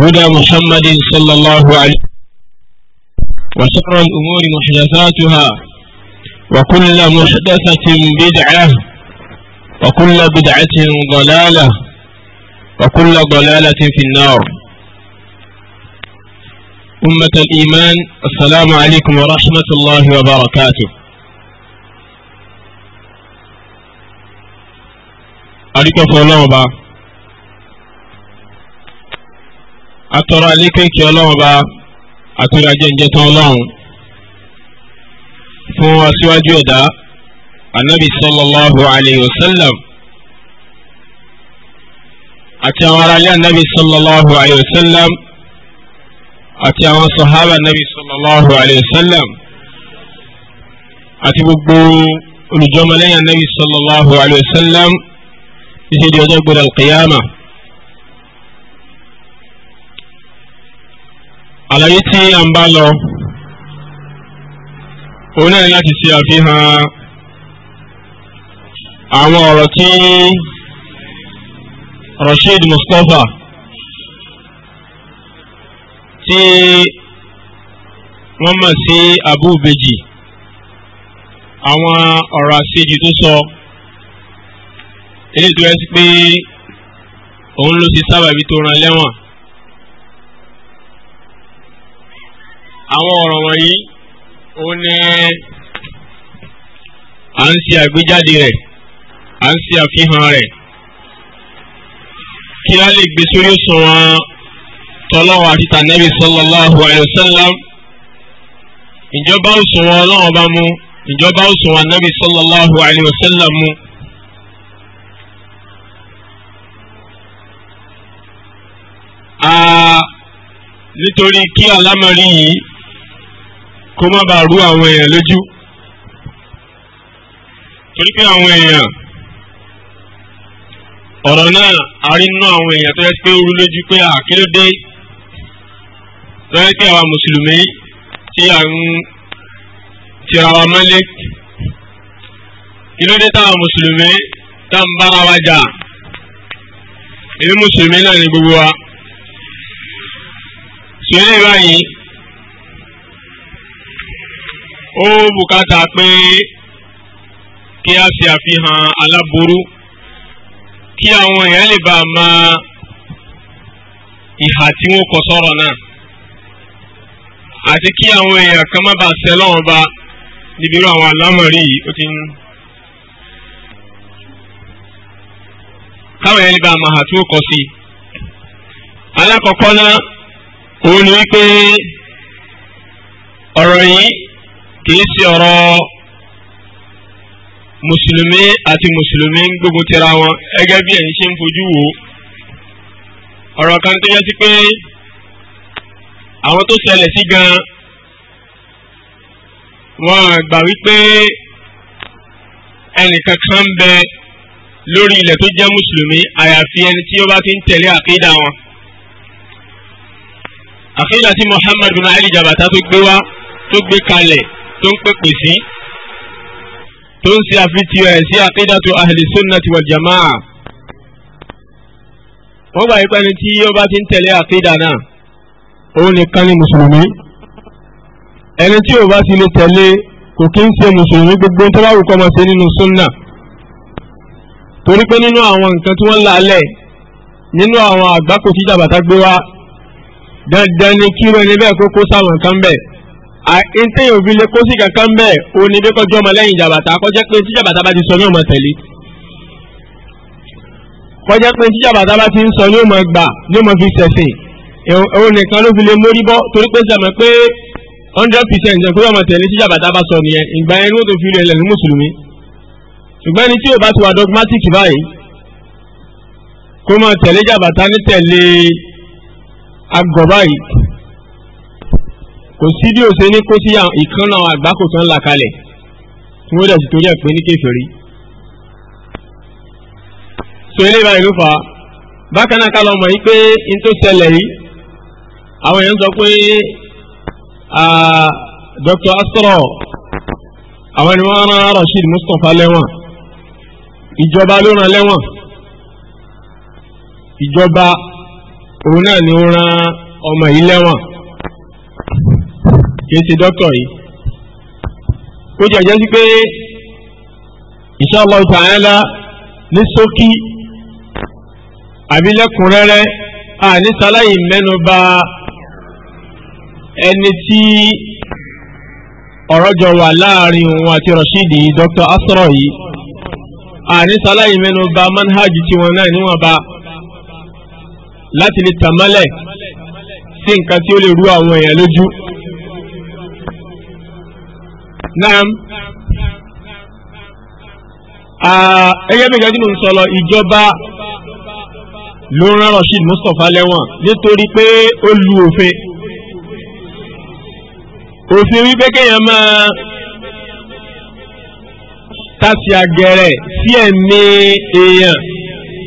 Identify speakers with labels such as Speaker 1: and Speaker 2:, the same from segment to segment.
Speaker 1: هدى محمد صلى الله عليه وشر الأمور محدثاتها وكل محدثة بدعة وكل بدعة ضلالة وكل ضلالة في النار أمة الإيمان السلام عليكم ورحمة الله وبركاته أريكم الله وبركاته atọrọ alékèké ọlọ́run bá àtúrà jẹ́njẹ́ tán ọlọ́run fún aṣíwájú ẹ̀dá anabi sallallahu alayhi wa sallam àti àwọn aráalé anabi sallallahu alayhi wa sallam àti àwọn sahaba anabi sallallahu alayhi wa sallam àti gbogbo olùjọmọlẹ́yìn anabi sallallahu alayhi wa sallam ìṣèjì ọjọ́ gbọdọ̀ alqiyama. àlàyé tí a ń bá lọ òun náà láti ṣe àfihàn àwọn ọ̀rọ̀ tí Rasheed Mustapha tí wọ́n mọ̀ sí Abu Beji àwọn ọ̀rọ̀ àṣejù tó sọ eléyìí tó yẹ sí pé òun ló ti sábàbí tó ran lẹ́wọ̀n. àwọn ọ̀rọ̀ wọ̀nyí ó ní à ń ṣe àgbéjáde rẹ̀ à ń ṣe àfihàn rẹ̀ kí a lè gbé sórí òṣùwọ̀n tọ́lọ́wọ́ àti tànẹ́bí sallallahu alayhi wa sallam ìjọba òṣùwọ̀n ọlọ́wọ́ bá mú ìjọba òṣùwọ̀n ànábì sallallahu alayhi mú. nítorí kí alámọ̀rí yìí kó má bàa rú àwọn èèyàn lójú torí pé àwọn èèyàn ọ̀rọ̀ náà arínú àwọn èèyàn tó yẹ pé ó rú lójú pé àkílódé tó yẹ pé àwa mùsùlùmí tí à ń tira wa mọ́lé kílódé táwa mùsùlùmí tá ń bára wa jà èmi mùsùlùmí náà ní gbogbo wa sọ eléyìí báyìí ó bùkátà pé kí a ṣe àfihàn aláboró kí àwọn èèyàn lè bá a mọ ìhà tí wọ́n kọ sọ̀rọ̀ náà àti kí àwọn èèyàn kan má bàa ṣẹ lọ́wọ́ bá níbi irú àwọn alámọ̀rí yìí ó ti ń. káwọn èèyàn lè bá a mọ ìhà tí wọ́n kọ sí i. alákọ̀ọ́kọ́ náà òun ni wípé ọ̀rọ̀ yìí kìí ṣe ọ̀rọ̀ mùsùlùmí àti mùsùlùmí ń gbógun tira wọn gẹ́gẹ́ bí ẹ̀yin ṣe ń fojú wò ọ̀rọ̀ kan tó yẹ sí pé àwọn tó ṣẹlẹ̀ sí gan wọn gbà wípé ẹnìkan kan ń bẹ lórí ilẹ̀ tó jẹ́ mùsùlùmí àyàfi ẹni tí ó bá ti ń tẹ̀lé àkídà wọn. àkídà tí Muhammad bin Ali Jabata tó gbé wá tó gbé kalẹ̀ tó ń pèpè sí tó ń ṣe àfitìyọ ẹ̀ sí aqidatu ahli sunnati wal jamaa wọ́n gbà wípé ẹni tí ó bá ti ń tẹ̀lé àkídà náà òun nìkan ni mùsùlùmí ẹni tí ò bá ti lè tẹ̀lé kò kí ń ṣe mùsùlùmí gbogbo tó bá wù kọ́ máa ṣe nínú súnnà torí pé nínú àwọn nǹkan tí wọ́n là nínú àwọn àgbákò tí jàbàtà gbé wá dandan ni kí wọ́n ẹni bẹ́ẹ̀ kókó sáwọn kan bẹ́ẹ̀ ntẹ yóò fi lè kó sí kankan bẹ́ẹ̀ o ní bí kọjú ọmọ lẹ́yìn jàbàtà kọjá pé tí jàbàtà bá ti sọ ní ọmọ tẹ̀lé kọjá pé tí jàbàtà bá ti ń sọ ní ọmọ gbà ní ọmọ fi sẹ̀sìn òun nìkan ló fi lè mórí bọ́ torí pé sàmọ́ pé hundred percent ẹ̀ kúrò ọmọ tẹ̀lé tí jàbàtà bá sọ nìyẹn ìgbà yẹn ló tó fi rẹ̀ lẹ́nu mùsùlùmí ṣùgbọ́n ẹni tí yóò bá ti agọ̀ báyìí kò sí bí òṣè ní kó sí ìkànnà àgbákò tó ń là kalẹ̀ tí wọ́n dẹ̀ sì torí ẹ̀ pé ní kèfèrí. sọ eléyìí báyìí ló fà á bákan náà ká lọ mọ̀ yí pé n tó ṣẹlẹ̀ yìí àwọn èèyàn sọ pé Dr. Asra àwọn ni wọ́n rán Rasheed Mustapha lẹ́wọ̀n ìjọba ló rán lẹ́wọ̀n ìjọba òun náà ni ó rán ọmọ yìí lẹ́wọ̀n kì í ṣe dókítà yìí ó jẹ́ jẹ́ sí pé insha Allah ta'ala ní ṣókí àbí lẹ́kùnrẹ́rẹ́ a ní sáláyì mẹ́nu bà ẹni tí ọ̀rọ̀ jọ wà láàrin òun àti Rashidi Dr. Asra yìí a ní sáláyì mẹ́nu bà manhaj tí wọn náà níwọ̀n bá láti lè tàmálẹ̀ sí nǹkan tí ó lè rú àwọn èèyàn lójú naam ẹyẹ bí gẹ́gẹ́ bí mo ń sọ̀rọ̀ ìjọba ló ń rán Rasheed Mustapha lẹ́wọ̀n nítorí pé ó lu òfin òfin wípé kéèyàn máa tàṣì àgẹ̀rẹ̀ sí ẹ̀mí èèyàn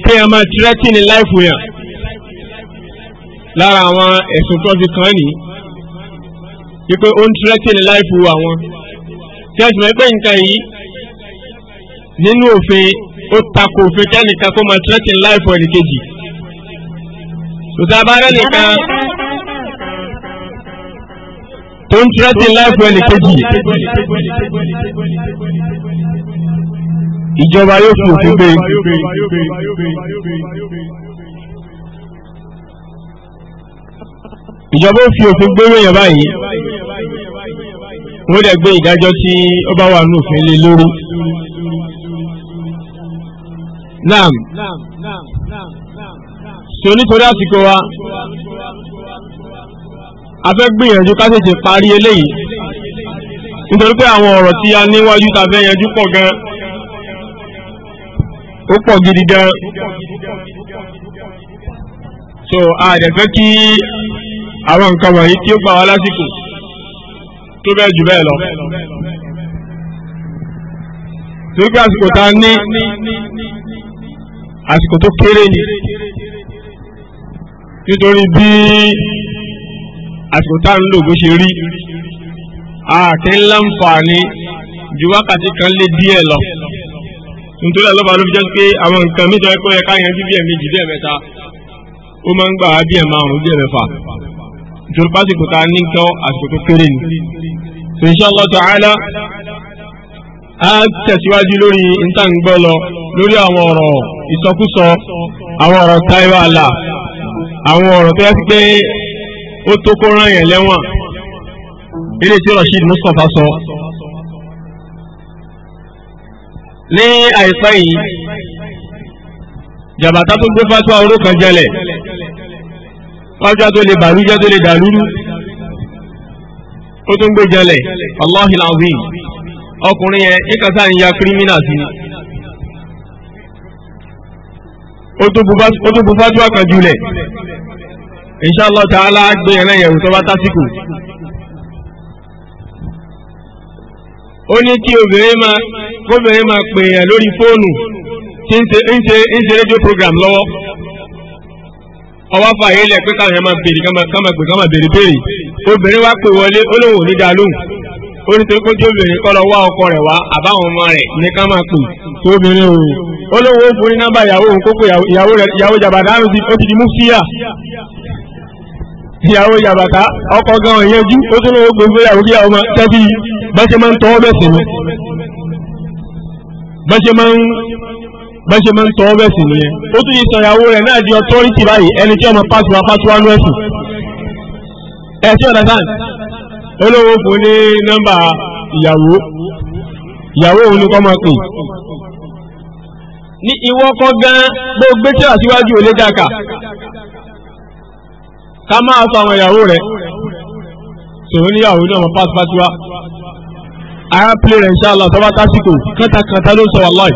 Speaker 1: kéèyàn máa tírẹ́tìnì láìfù yàn lára àwọn ẹ̀sùn tó fi kàn ní wípé ó ń tírẹ́tìnì láìfù àwọn tẹ́sí mọ̀ nǹkan yìí nínú òfin ó takò òfin kẹ́nìkan kó máa threatening life ẹ̀rí kejì tòtá abárẹ́ nìkan tó ń threatening life ẹ̀rí kejì
Speaker 2: ìjọba yóò fi òfin gbé
Speaker 1: ìjọba yóò fi òfin gbé wéyàn báyìí wọ́n dẹ̀ gbé ìdájọ́ tí ó bá wà ní òfin lé lórí. naam so nítorí àsìkò wa a fẹ́ gbìyànjú ká tètè parí eléyìí nítorí pé àwọn ọ̀rọ̀ tí a níwájú ta fẹ́ yanjú pọ̀ gan ó pọ̀ gidi gan so a dẹ̀ fẹ́ kí àwọn nǹkan wọ̀nyí tí ó gbà wá lásìkò tó bẹ́ẹ̀ jù bẹ́ẹ̀ lọ. Nígbà àsìkò tá a ní àsìkò tó kéré ni nítorí bí àsìkò tá a ń lò bó ṣe rí àti ńláǹfààní ju wákàtí kan lé díẹ̀ lọ. Nítorí àlọ́ba ló fi jẹ́ pé àwọn nǹkan mìíràn ẹ̀kọ́ yẹ ká yanjú bí ẹ̀mejì bí ẹ̀mẹ́ta ó máa ń gbà á bí ẹ̀ márùn-ún bí ẹ̀mẹ́fà. nítorí pásìkò tá a ní nǹkan àsìkò tó kéré ni. so insha Allah ta'ala a tẹ̀síwájú lórí ìtàǹgbọ́ lọ lórí àwọn ọ̀rọ̀ ìsọkúsọ àwọn ọ̀rọ̀ táìwá àlà àwọn ọ̀rọ̀ tó yẹ sí pé ó tó kó rán yẹn lẹ́wọ̀n ilé tí Rasheed Mustapha sọ. ní àìpẹ́ yìí tó gbé orúkọ jẹlẹ̀ ọjọ́ tó lè bàrújẹ́ tó lè dàrúrú ó tún gbé jẹlẹ̀ Allahil ọkùnrin yẹn ìkàtà ń ya sí ó tún bu fájúwà kan jùlẹ̀ inshallah ta'ala gbé ẹ̀rẹ́ tó bá tásìkò ó ní kí obìnrin máa máa pè é lórí program lọ́wọ́. ọwọ́ fà yín lẹ̀ pé káwọn yẹn máa béèrè káwọn gbé káwọn béèrè béèrè obìnrin wá pè wọlé olóhùn òní dá lóhùn ó ní torí kójú obìnrin kọ́ lọ wá ọkọ rẹ̀ wá àbáwọn ọmọ rẹ̀ ní ká máa pè tó obìnrin o olówó fún ní nọ́mbà ìyàwó òun kókó ìyàwó rẹ̀ ìyàwó jàbàtà ó ti di mú fíà ìyàwó jàbàtà ọkọ gan ìyẹjú ó tún lówó gbogbo ìyàwó kí àwọn tẹ́bí bá ṣe máa ń tọ́ bẹ́ẹ̀ sí bẹ́ẹ̀ ṣe máa ń tọwọ́ bẹ́ẹ̀ sì nìyẹn ó tún yìí sọ̀yàwó rẹ̀ náà di authority báyìí ẹni tí ọmọ pàṣípà pàṣípà ló ẹ̀sùn ẹ̀ tí ọ̀dà sáà olówó fún ní nọ́mbà ìyàwó ìyàwó òun ni kọ́ máa pè ní ìwọ kọ́ gan bó gbé tí àṣíwájú ò lè dàkà ká máa sọ àwọn ìyàwó rẹ̀ tòun níyàwó náà mọ̀ pàṣípàṣípà ara play rẹ̀ inshallah tọ́ba tásìkò kátàkátà ló sọ wà láì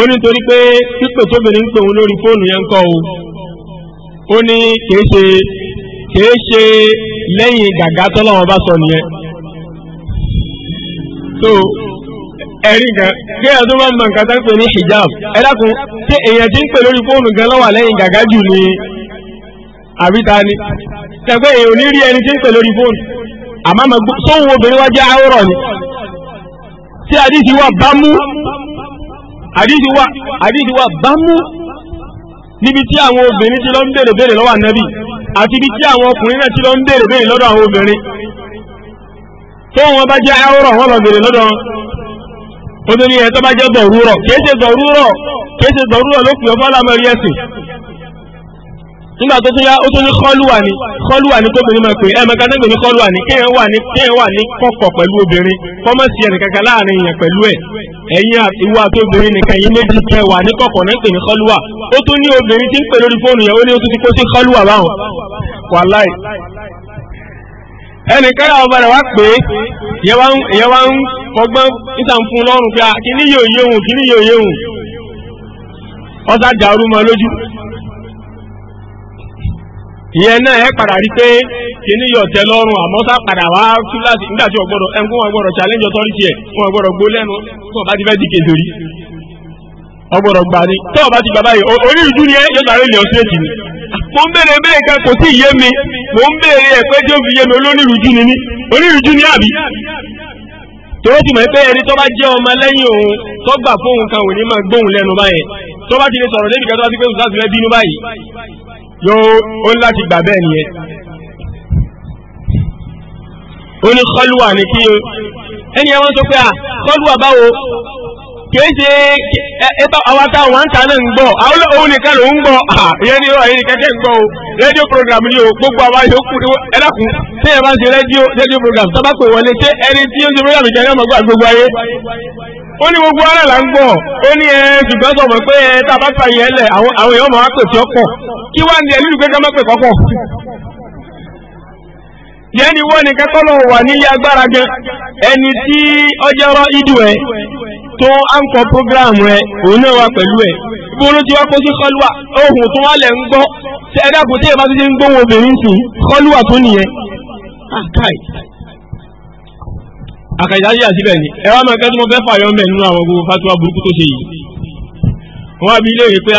Speaker 1: ó ní torí pé pípè tóbìnrin ń pè òun lórí fóònù yẹn ń kọ́ o ó ní kìí ṣe lẹ́yìn gàgá tọ́lọ́wọ́n bá sọ nìyẹn so ẹ̀rí gan bí ẹ̀ tó bá mọ nǹkan tó ń ní hijab ẹ dákun ṣé èèyàn ti ń pè lórí fóònù gan lọ́wọ́ lẹ́yìn gàgá jù ni àbíta ni tẹ̀gbẹ́ èèyàn ò ní rí ẹni tí ń pè lórí fóònù àmọ́ sóhun obìnrin wá jẹ́ àwòrán ni tí adé ti wà bámú àdíṣì wà àdíṣì wà bámú níbi tí àwọn obìnrin ti lọ ń bèèrè bèèrè lọ́wọ́ ànábì àti ibi tí àwọn ọkùnrin náà ti lọ ń bèèrè bèèrè lọ́dọ̀ àwọn obìnrin tó wọn bá jẹ́ àwòrán wọn lọ bèèrè lọ́dọ̀ obìnrin ẹ̀ tó bá jẹ́ dọ̀rúrọ̀ kìí ṣe dọ̀rúrọ̀ kìí ṣe dọ̀rúrọ̀ ló pè ọ́ ẹ̀sìn nígbà tó tún yá ó tún ní kọ́lùwà ni kọ́lùwà ni tóbìnrin máa pè é ẹ̀mẹ́ka tó ń pè ní kọ́lùwà ni kéèyàn wà ní kéèyàn wà ní kọ̀kọ̀ pẹ̀lú obìnrin kọ́mọ̀sì ẹ̀rìn kankan láàrin èèyàn pẹ̀lú ẹ̀ ẹ̀yin ìwọ àti obìnrin nìkan yìí méjì kẹ wà ní kọ̀kọ̀ náà ń pè ní kọ́lùwà ó tún ní obìnrin tí ń pè lórí fóònù yẹn ó ní ó tún ti kó sí kọ́lùwà báwọn wàláì ẹnìkan yà ọba rẹ̀ wá pé ìyẹn wá ń kọgbọ́n níta ń fún lọ́rùn pé kíní yóò yéhùn kíní yóò yéhùn ọ̀sá dàrú mọ́ lójú ìyẹn náà ẹ padà rí pé kíní yọ tẹ lọ́rùn àmọ́ sá padà wá tú láti nígbà tí ọgbọ́dọ̀ ẹ fún challenge authority ẹ fún ọgbọ́dọ̀ gbó lẹ́nu fún ọba ti fẹ́ di kejì rí ọgbọ́dọ̀ gbà ní tọ́ ọba ti gbà báyìí orí ìjú ni ẹ yóò gbàgbé ilẹ̀ ọ̀sẹ̀tì ni. mo ń béèrè béèrè kan kò sí ìyé mi mo ń béèrè ẹ pé tí fi yé mi olónírújú ni mí onírújú ni àbí. tòwó ti mọ̀ pé ẹni tó bá jẹ́ ọmọ lẹ́yìn òun tó gbà fóun kan òní máa gbóhùn lẹ́nu báyẹn tó bá ti lè sọ̀rọ̀ débi tó bá ti pé òun sáà yóò ó ń láti gbà bẹ́ẹ̀ nìyẹn ó ní kọlùwà ní kí ẹni ẹ wọ́n sọ pé à kọlùwà báwo kìí ṣe ẹtọ́ àwọn táwọn ń ta náà ń gbọ́ àwọn òun nìkan ló ń gbọ́ ìyẹn ni ọ̀yẹ́ nìkan kẹ́ ń gbọ́ o rédíò program ni o gbogbo àwa yòókù ni ẹ dákun tí ẹ bá ń ṣe rédíò rédíò program tó bá pè wọlé ṣé ẹni tí ó ń ṣe program ìjẹun náà mọ̀ gbogbo ayé ó ní gbogbo ara là ń gbọ́ ó ní ẹ ṣùgbọ́n sọ pé tá a bá fà yẹn lẹ̀ àwọn èèyàn máa pè tí ó pọ̀ kí wá ní ẹlú pé ká pè kọ́kọ́. ní wà ẹni tí ọjọ́ rọ ẹ tó à kọ program rẹ òun náà wà pẹ̀lú ẹ bó ló ti kó sí ohun tó wà lẹ̀ ń gbọ́ ẹ tí ẹ bá ti àkàjáde àtibẹ̀ ni ẹ wá máa kẹ́tọ́ mo fẹ́ fàyọ́ mẹ́ nínú àwọn gbogbo fatuwa burúkú tó ṣe yìí wọ́n bí lè rí pé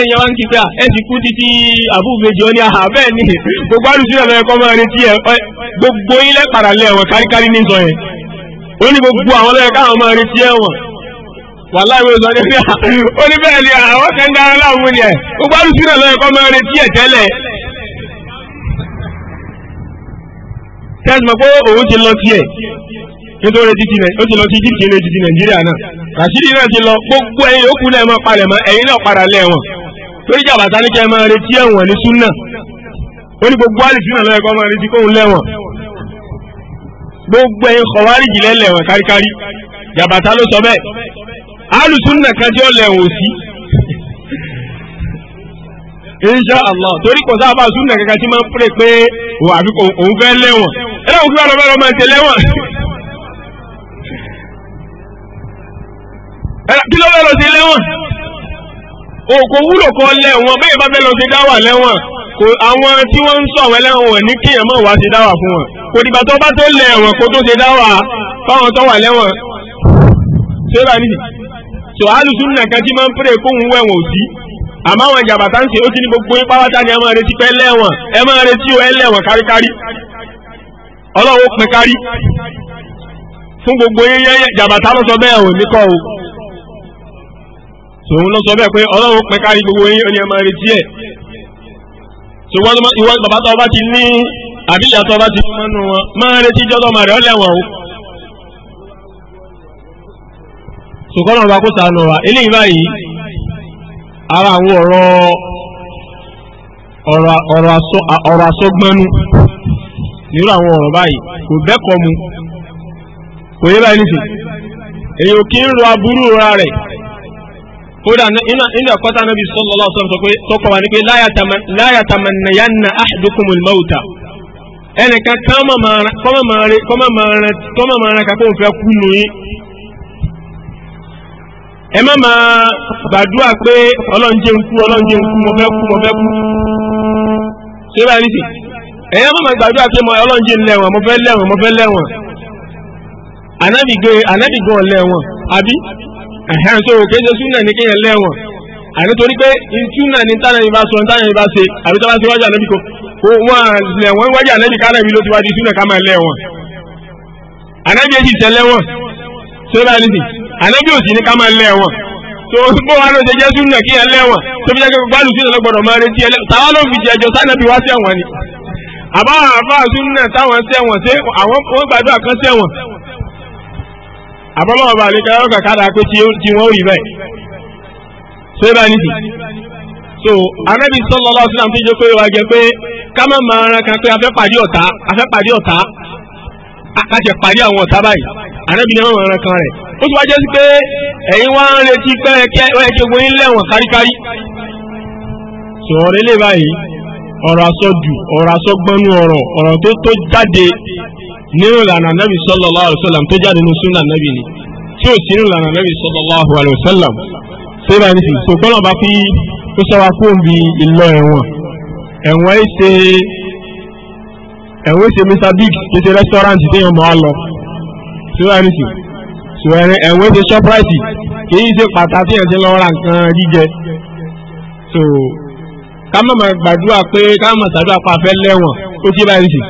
Speaker 1: ẹ̀yẹ wá ń kí pé ẹ ti kú títí àbúgbèjì ó ní àhà bẹ́ẹ̀ ni gbogbo àdùsí ọ̀nà ẹ̀kọ́ máa retí ẹ̀ gbogbo ilẹ̀ paralẹ̀ ẹ̀wọ̀n káríkárí ní sọ yẹn ó ní gbogbo àwọn ọlọ́yẹ káwọn máa retí ẹ̀wọ̀n wà láìwé sọ ní bíà ó ní bẹ́ẹ̀ ni àwọn kan dára láwùú ni ẹ̀ gbogbo àdùsí ọ̀nà ẹ̀kọ́ máa retí ẹ̀ tẹ́lẹ̀ tẹ́sí mọ̀ pé òun nítorí títí rẹ̀ ó ti lọ sí Egypt ní títí Nàìjíríà náà Rashidi náà ti lọ gbogbo ẹ̀yin yòókù náà máa palẹ̀ mọ́ ẹ̀yin náà padà lẹ̀ wọ̀n lórí ìjà bàtà ní kí ẹ máa retí ẹ̀wọ̀n ní súnà ó ní gbogbo àlìsí náà lọ́yẹ̀kọ́ máa retí kóhun lẹ́wọ̀n gbogbo ẹ̀yin kọ̀wárì jìlẹ̀ lẹ̀wọ̀n káríkárí jàbàtà ló sọ bẹ́ẹ̀ alùsùnà kájọ́ lẹ̀wọ̀n òsì insha allah torí kò sáà bá sùnà kankan tí máa ń pè pé òun fẹ́ lẹ́wọ̀n ẹ̀rọ kí ló fẹ́ lọ sí lẹ́wọ̀n òkò wúlò kan lẹ́wọ̀n bẹ́ẹ̀ bá fẹ́ lọ sí dáwà lẹ́wọ̀n kò àwọn tí wọ́n ń sọ àwọn ẹlẹ́wọ̀n ní kí èèyàn mọ̀ wá sí dáwà fún wọn kò dìgbà tó bá tó lẹ́wọ̀n kó tó ṣe dáwà fáwọn tó wà lẹ́wọ̀n ṣé bá nìyí tó alùsùn nìkan tí máa ń pèrè kóhun wẹ̀wọ̀n òdì àmọ́ àwọn jàbàtà ń ṣe ó ti ní gbogbo ipá wáta ni ẹ máa retí pé lẹ́wọ̀n ẹ máa retí o ẹlẹ́wọ̀n káríkárí ọlọ́wọ́ pin kárí fún gbogbo yẹyẹ jàbàtà ló sọ bẹ́ẹ̀ ò ní kọ́ o sòun lọ sọ bẹ́ẹ̀ pé ọlọ́run pín kárí gbogbo yín ó ní ẹmọ retí ẹ̀ ṣùgbọ́n bàbá tó ti ní àbíyà tó ti mọ́ nù wọn máa retí jọ́dọ̀ màrẹ́ ọ lẹ́wọ̀n o. ṣùgbọ́n ọba kó sànù wa eléyìí báyìí ara àwọn ọ̀rọ̀ ọ̀rọ̀ àsọgbọ́nú nírú àwọn ọ̀rọ̀ báyìí kò bẹ́kọ̀ mu kò yé báyìí èyí ò kí ń kódà nínú ẹ̀kọ́ tá na sallallahu alaihi wasallam tó ní pé la yatamannayanna kọ́mọ̀ máa nù yín ẹ má máa gbàdúrà pé ọlọ́njẹ́ ń kú ọlọ́njẹ́ ń kú mo kú mo kú ṣé bá rí sí má máa gbàdúrà pé ọlọ́njẹ́ ń lẹ́wọ̀n mo fẹ́ lẹ́wọ̀n mo fẹ́ lẹ́wọ̀n anábìgbọ̀n ẹ̀hẹ́n so kéde súnà ní kéèyàn lẹ́wọ̀n àní torí pé ìtúnà ní tánà yìí bá sọ tánà yìí bá ṣe àbí tánà síwájú ànábì kò wọn lẹ̀wọ̀n wájú ànábì kálẹ̀ mi ló ti wá di súnà ká máa lẹ́wọ̀n ànábì èjì tẹ lẹ́wọ̀n tó bá nìsí ànábì òsì ní ká máa lẹ́wọ̀n tó bó wa ló ṣe jẹ́ súnà kéèyàn lẹ́wọ̀n tó fi jẹ́ pé gbálù súnà ló gbọ́dọ̀ máa retí ẹlẹ́ táwa ló fi jẹjọ sánàbì wá sẹ́wọ̀n táwọn sẹ́wọ̀n àbọ́lọ́wọ́ bá lè kẹ́lẹ́ kàkàdà pé tí wọ́n rí bẹ́ẹ̀ ṣé bá nìsí so anábì sallallahu alaihi wasallam fi jẹ́ pé wà jẹ́ pé ká má máa ran kan pé afẹ́ pàdé ọ̀tá afẹ́ pàdé ọ̀tá akájẹ pàdé àwọn ọ̀tá báyìí anábì náà máa ran kan rẹ̀ ó ti wá jẹ́ sí pé ẹ̀yin wá ń retí pé ẹ̀kẹ́ gbogbo yín lẹ́wọ̀n káríkárí sọ̀rọ̀ lélẹ̀ báyìí ọ̀rọ̀ àsọdù ọ̀rọ̀ àsọgbọ́nú ọ̀rọ̀ ọ̀rọ̀ tó tó jáde nínú ìlànà nàbì sallallahu alaihi wasallam tó jáde nínú súnà nàbì ni tí ò sí nínú ìlànà nàbì sallallahu alaihi wasallam tó bá ní sí so kọ́nà bá fi ó sọ́wọ́ kó ń bi ìlọ ẹ̀wọ̀n ẹ̀wọ̀n ẹ̀ ṣe ẹ̀wọ̀n ẹ̀ ṣe Mr Big tó ṣe rẹ́sítọ́rántì téèyàn máa lọ tó bá ní sí so ẹ̀wọ̀n ẹ̀ ṣe Shoprite kì í ṣe pàtàkì ẹ̀ ṣe lọ ra nǹkan jíjẹ so ká má máa gbàdúrà pé ká má máa ṣàdúrà pa afẹ́ lẹ́wọ̀n ó ti bá ní sí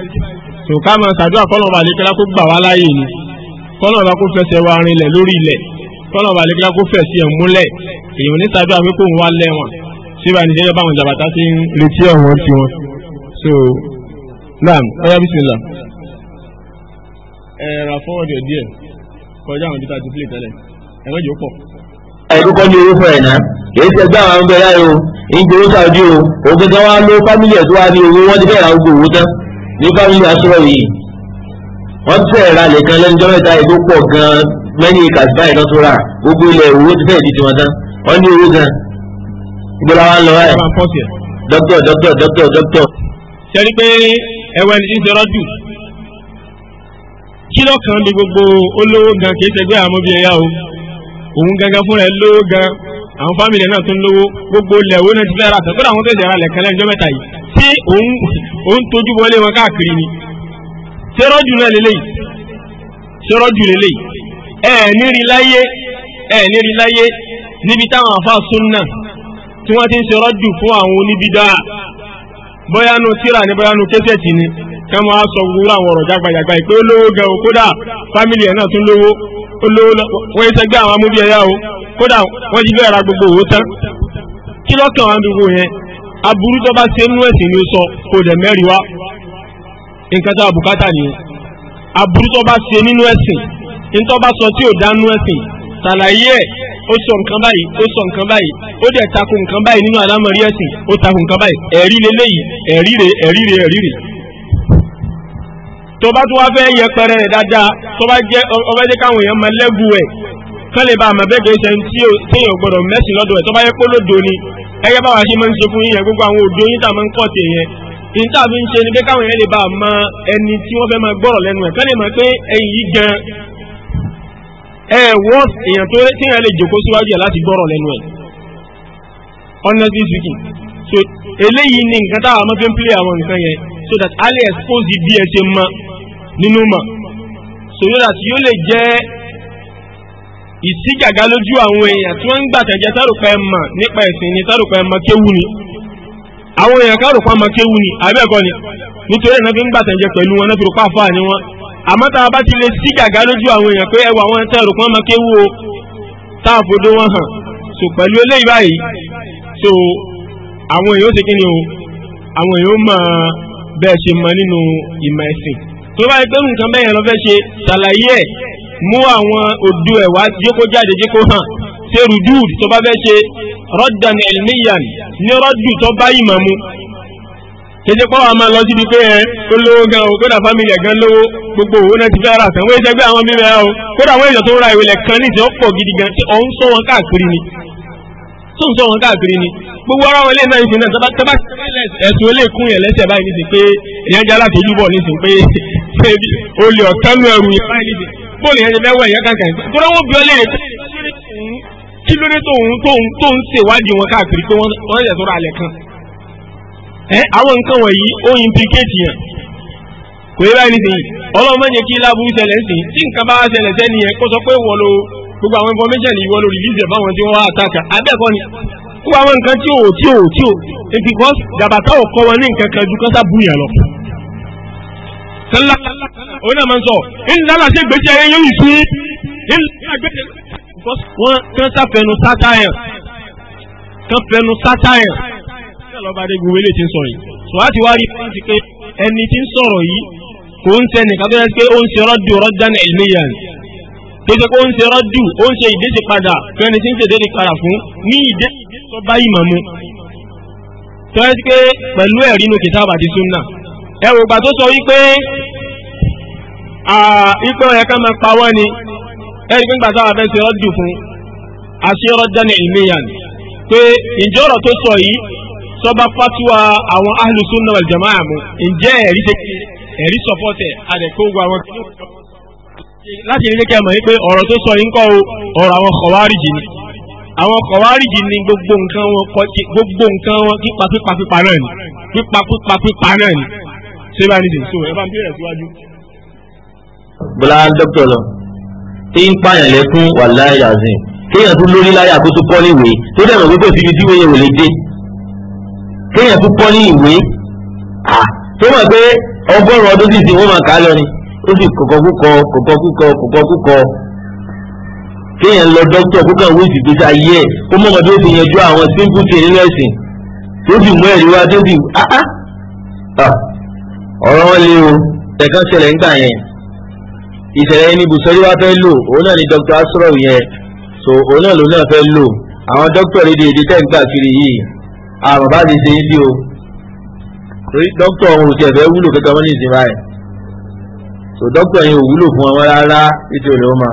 Speaker 1: tó ká máa ṣàdúrà kọ́nà bá lékelá kó gbà wá láàyè ni kọ́nà bá kó fẹsẹ̀ wa rinlẹ̀ lórí ilẹ̀ kọ́nà bá lékelá kó fẹsí ẹ̀ múlẹ̀ èyí ní ṣàdúrà pé kó ń wá lẹ́wọ̀n síbà ní jẹ́jọ́ báwọn jàbàtà ti ń retí ọ̀wọ́n tiwọn. so naam ọyá bismillah ẹ ra fọwọ́dì ẹ̀ díẹ̀ kọjá àwọn títà ti plate tẹ́lẹ̀ ẹ mẹ́jọ pọ̀. ẹ̀dúkọ́ ní orúkọ ẹ̀ náà èyí ti ẹgbẹ́ àwọn ọmọ ẹ̀ láyò ń gbowó sáà ojú o òun gẹ́gẹ́ wá ló fámìlì ẹ̀ tó wá ní owó wọ́n ti fẹ́ ra ogun tán ní fámìlì aṣọ́rọ̀ yìí wọ́n tẹ̀ ra nìkan pọ̀ gan-an mẹ́ni kàdúrà ìdọ́tọ́ra gbogbo ilẹ̀ owó ti fẹ́ẹ̀ di tiwọn tán wọ́n ní wa ń lọ ẹ̀ dọ́kítọ̀ dọ́kítọ̀ dọ́kítọ̀ dọ́kítọ̀. sẹ́ni pé ẹ̀wẹ̀ ni ń sọ̀rọ̀ gbogbo olówó gan kì í o òun gangan fúnra ẹ lówó gan àwọn fámìlì náà tún lówó gbogbo lẹ̀wọ́ náà ti fẹ́ ra tẹ̀kọ́ àwọn tó ṣe ra lẹ̀kan lẹ́nu jọ́mẹ́ta yìí tí òun òun tójú wọlé wọn káàkiri ni sẹ́rọ́jù náà lélẹ́yìí sẹ́rọ́jù lélẹ́yìí ẹ̀ nírí láyé ẹ̀ nírí láyé níbi táwọn àfa súnà tí wọ́n ti ń sẹ́rọ́jù fún àwọn oníbídà bóyá nu tíra ni bóyá nu kẹ́sẹ̀tì ni ká máa sọ olówó lọ wọ́n yẹ sẹ́gbẹ́ àwọn amúbí ẹ̀yà o kódà wọ́n ti fẹ́ ra gbogbo owó tán kí lọ́kàn wọn gbogbo yẹn aburú tó bá ṣe nínú ẹ̀sìn ni ó sọ kò dẹ̀ mẹ́rin wá nǹkan tó àbùkátà nìyẹn aburú tó bá ṣe nínú ẹ̀sìn ní tó bá sọ tí ò dá nínú ẹ̀sìn ṣàlàyé ẹ̀ ó sọ nǹkan báyìí ó sọ nǹkan báyìí ó dẹ̀ tako nǹkan báyìí nínú àlámọ̀rí ẹ̀sìn ó tako nǹkan báyìí ẹ̀rí lélẹ́yìí ẹ̀rí rè ẹ̀rí rè ẹ̀rí rè tó bá tún wá fẹ́ yẹpẹrẹ rẹ̀ dáadáa tó bá jẹ́ ọba jẹ́ káwọn èèyàn máa lẹ́gù ẹ̀ kán lè ba àmọ́ bẹ́ẹ̀ kì í ṣe tí èèyàn gbọ́dọ̀ mẹ́sìn lọ́dọ̀ ẹ̀ tó bá yẹ pé lódo ni ẹgẹ́ báwa ṣe máa ń ṣe fún yíyan gbogbo àwọn òdo yín tà máa ń kọ̀ tè yẹn ìta fi ń ṣe ni pé káwọn èèyàn lè ba àmọ́ ẹni tí wọ́n fẹ́ máa gbọ́rọ̀ lẹ́nu ẹ̀ kán lè mọ̀ pé ẹ̀yìn yìí gan ẹ̀ wọ́ èèyàn tó téèyàn lè jòkó síwájú ẹ̀ láti gbọ́rọ̀ lẹ́nu ẹ̀ honestly speaking so eléyìí ni nǹkan táwọn ọmọ fi ń pílé àwọn nǹkan yẹn so that a lè expose bí ẹ ṣe mọ nínú mọ̀ so that yóò lè jẹ́ ìsí gàgà lójú àwọn èèyàn tí wọ́n ń gbà tẹ̀jẹ́ tárùpẹ́ mọ̀ nípa ẹ̀sìn ni tárùpẹ́ mọ̀ kéwù ni àwọn èèyàn kárùpá mọ̀ kéwù ni àbẹ́ẹ̀kọ́ ni nítorí ẹ̀nà fi ń gbà tẹ̀jẹ́ pẹ̀lú wọn náà fi rúpa àfáà ni wọn àmọ́ tá a bá ti lè sí lójú àwọn èèyàn pé ẹwà wọn tárùpá mọ̀ kéwù o táà fòdó wọn hàn so pẹ̀lú eléyìí báyìí so àwọn èèyàn ó ṣe kí ni o àwọn èèyàn ó máa bẹ́ẹ̀ ṣe mọ nínú ìmọ̀ ẹ̀sìn tó bá yẹ pé nǹkan bẹ́ẹ̀ yẹn lọ fẹ́ ṣe ṣàlàyé ẹ̀ mú àwọn òdu ẹ̀ wá jókòó jáde jókòó hàn ṣe rùdú tó bá fẹ́ ṣe rọ́dàn ẹ̀lmíyàn ní rọ́dù tó bá ìmọ̀ mu kéde pọ́ wa máa lọ síbi pé ẹ ó lówó gan o kódà fámìlì ẹ̀gán lówó gbogbo owó náà ti fẹ́ ra àtàwọn ẹ̀jẹ̀ gbé àwọn mímẹ́ o kódà àwọn èèyàn tó ra ìwé lẹ̀ kan ní ìṣẹ́ ó gidi gan tí ọ̀ ń sọ wọn káàkiri sọ wọn káàkiri ni gbogbo ara wọn lè náà ìsìn náà tọ́ba ẹ̀sùn ilé kún yẹn lẹ́sẹ̀ báyìí nísìn pé ìyẹn jẹ́ aláfojú bọ̀ nísìn pé olè ọ̀tánú ẹrù yẹn báyìí nísìn bóòlù yẹn ti fẹ́ wọ ẹ̀yẹ kankan yìí kó lọ́wọ́ bí ọ lè kí ló dé tóun tóun tóun ṣèwádìí wọn káàkiri pé wọ́n ṣẹ̀ sọ́ra alẹ́ kan ẹ àwọn nǹkan wọ̀nyí ó implicate yẹn kò yẹ báyìí nísìn ọlọ́mọ yẹn kí láburú ṣẹlẹ̀ ń sìn tí nǹkan bá ṣẹlẹ̀ sẹ́ni yẹn kó sọ pé wọ́n ó wà àwọn nǹkan tí ò tí ò tí ò because gàbàtà ò kọ́ wọn ní nǹkan kan ju kọ́sá bú yàn lọ. sẹ́lá òun náà máa ń sọ ńlá làṣẹ gbèsè ayé yóò sí ńlá gbèsè because wọ́n kàn sáfẹ́nu sátá yẹn kàn fẹ́nu sátá yẹn kí ọlọ́ba adé gbogbo eléyìí ti ń sọ yìí sùwádìí wá rí i pé ẹni tí ń sọ̀rọ̀ yìí kò ń sẹ́ni kátó yẹn pé ó ń ṣe rọ́dù rọ́dán ẹ̀lmíyàn kéde kó ń ṣe rọ́dù ó ń ṣe ìdéṣe padà fẹ́ni tí ń ṣe ìdéṣe padà fún ní ìdé tó bá ìmọ̀ mu tó yẹ pé pẹ̀lú ẹ̀rí inú kìtàbà àti súnà ẹ wò gbà tó sọ wípé ipò ẹ̀ka máa pa wọ́n ni ẹ̀rí pé gbàtà wà fẹ́ ṣe ọ́dù fún àṣírọ́ dání ìmíyàn pé ǹjẹ́ ọ̀rọ̀ tó sọ yìí sọba fatuwa àwọn ahlu sunna wal jamaa mu ǹjẹ́ ẹ̀rí ṣe ẹ̀rí sọpọ́tẹ̀ adẹ̀kógún àwọn sọ yìí ń àwọn khawarij ni àwọn kọ̀wárìjì ni gbogbo nǹkan wọn kọjí gbogbo nǹkan wọn pípa pípa pípa náà ni pípa pípa pípa náà ni ṣé bá ní dè so ẹ bá ń bẹ̀rẹ̀ síwájú. bọ́lá dókítà lọ tí ń pààyàn lẹ́kún wà láyé àzìn kéèyàn tún lórí láyà kó tún kọ́ ní ìwé tó dẹ̀ mọ̀ pé kò síbi yẹn ò lè dé kéèyàn tún kọ́ ní ìwé tó mọ̀ pé ọgọ́rùn-ún ọdún sì sí wọ́n máa kà á lọ ni ó sì kọ̀kọ́ kúkọ kọ̀kọ́ kúkọ kọ̀kọ́ kúkọ kéèyàn lọ dókítà kó kàn wíìsì tó ṣayé ẹ̀ kó mọ̀mọ́ bí ó ti yanjú àwọn simple thing nínú ẹ̀sìn tó sì mú ẹ̀rí wá tó sì áá ah, ah. ọ̀rọ̀ wọn lé o ẹ̀kan ṣẹlẹ̀ nígbà yẹn ìṣẹ̀lẹ̀ yẹn ni Bùsọ́lí wá fẹ́ lò òun náà ni Dr. Asrow yẹn so òun náà lòun náà fẹ́ lò àwọn dókítà rédíò èdè tẹ̀ ń gbà kiri yìí àrùn bá ti ṣe é bí o torí dókítà ọ̀hún ti ẹ̀fẹ́ wúlò kankan wọ́n ní ìsìn báyìí so dókítà yẹn ò wúlò fún wọn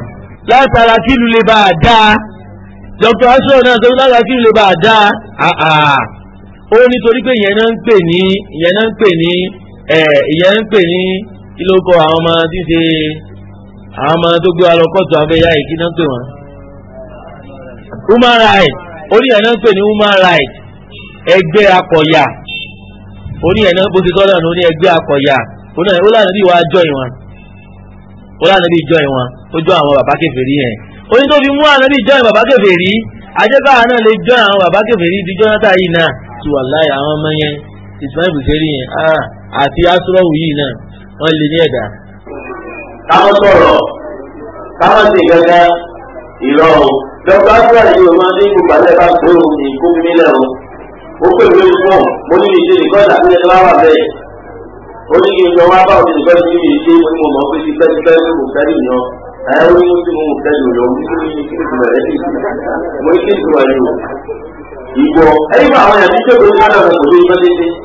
Speaker 1: látara kí ìlú lè bá a dáa Dr. Ashura náà sọ látara kí ìlú lè bá a dáa ó nítorí pé ìyẹn náà ń pè ní ìyẹn náà ń pè ní ìyẹn ń pè ní kí ló kọ àwọn ọmọ tí ṣe àwọn ọmọ tó gbé wa lọ kóòtù abẹ́yà yìí kí náà ń pè wọ́n. human rights oníyẹn náà ń pè ní human rights ẹgbẹ́ akọ̀yà oníyẹn náà bó ti tọ́ náà ní ẹgbẹ́ akọ̀yà ó lànà bí wàá jọ ìwọ̀n ó lànà bí jọ ìwọ̀n ojú àwọn bàbá kèfèrí yẹn oyin tó fi mú ànábì jọ́ bàbá kèfèrí ajẹ́gbà náà lè jọ́ àwọn bàbá kèfèrí di jọ́nátà yìí náà tí wà láyé àwọn ọmọ yẹn Ismail Busari yẹn àti asúrọ̀wù yìí náà wọ́n lè ní ẹ̀dá. káwọn sọ̀rọ̀ káwọn sì gẹ́gẹ́ ìrọ̀rùn dọ́kítà àdúrà yìí ọmọ ní ìgbàlẹ̀ bá tó ìkó mílẹ̀ o ó pè mí fún mo ní ìṣe nìkan ìdàkúnlẹ̀ tó bá wà bẹ́ẹ̀ ó ní kí n lọ wá bá òṣèlú fẹ́ẹ́ fi mí ṣe mo ní mo mọ̀ pé ti အဲဝိမုတ်မှုတက်လို့ရောဒီလိုကြီးကိုလည်းဝိကိစ္စဝါယုဒီပေါ်အဲ့မှာဝင်ပြီးတော့ဘုရားတော်ကိုဒီမသိသေး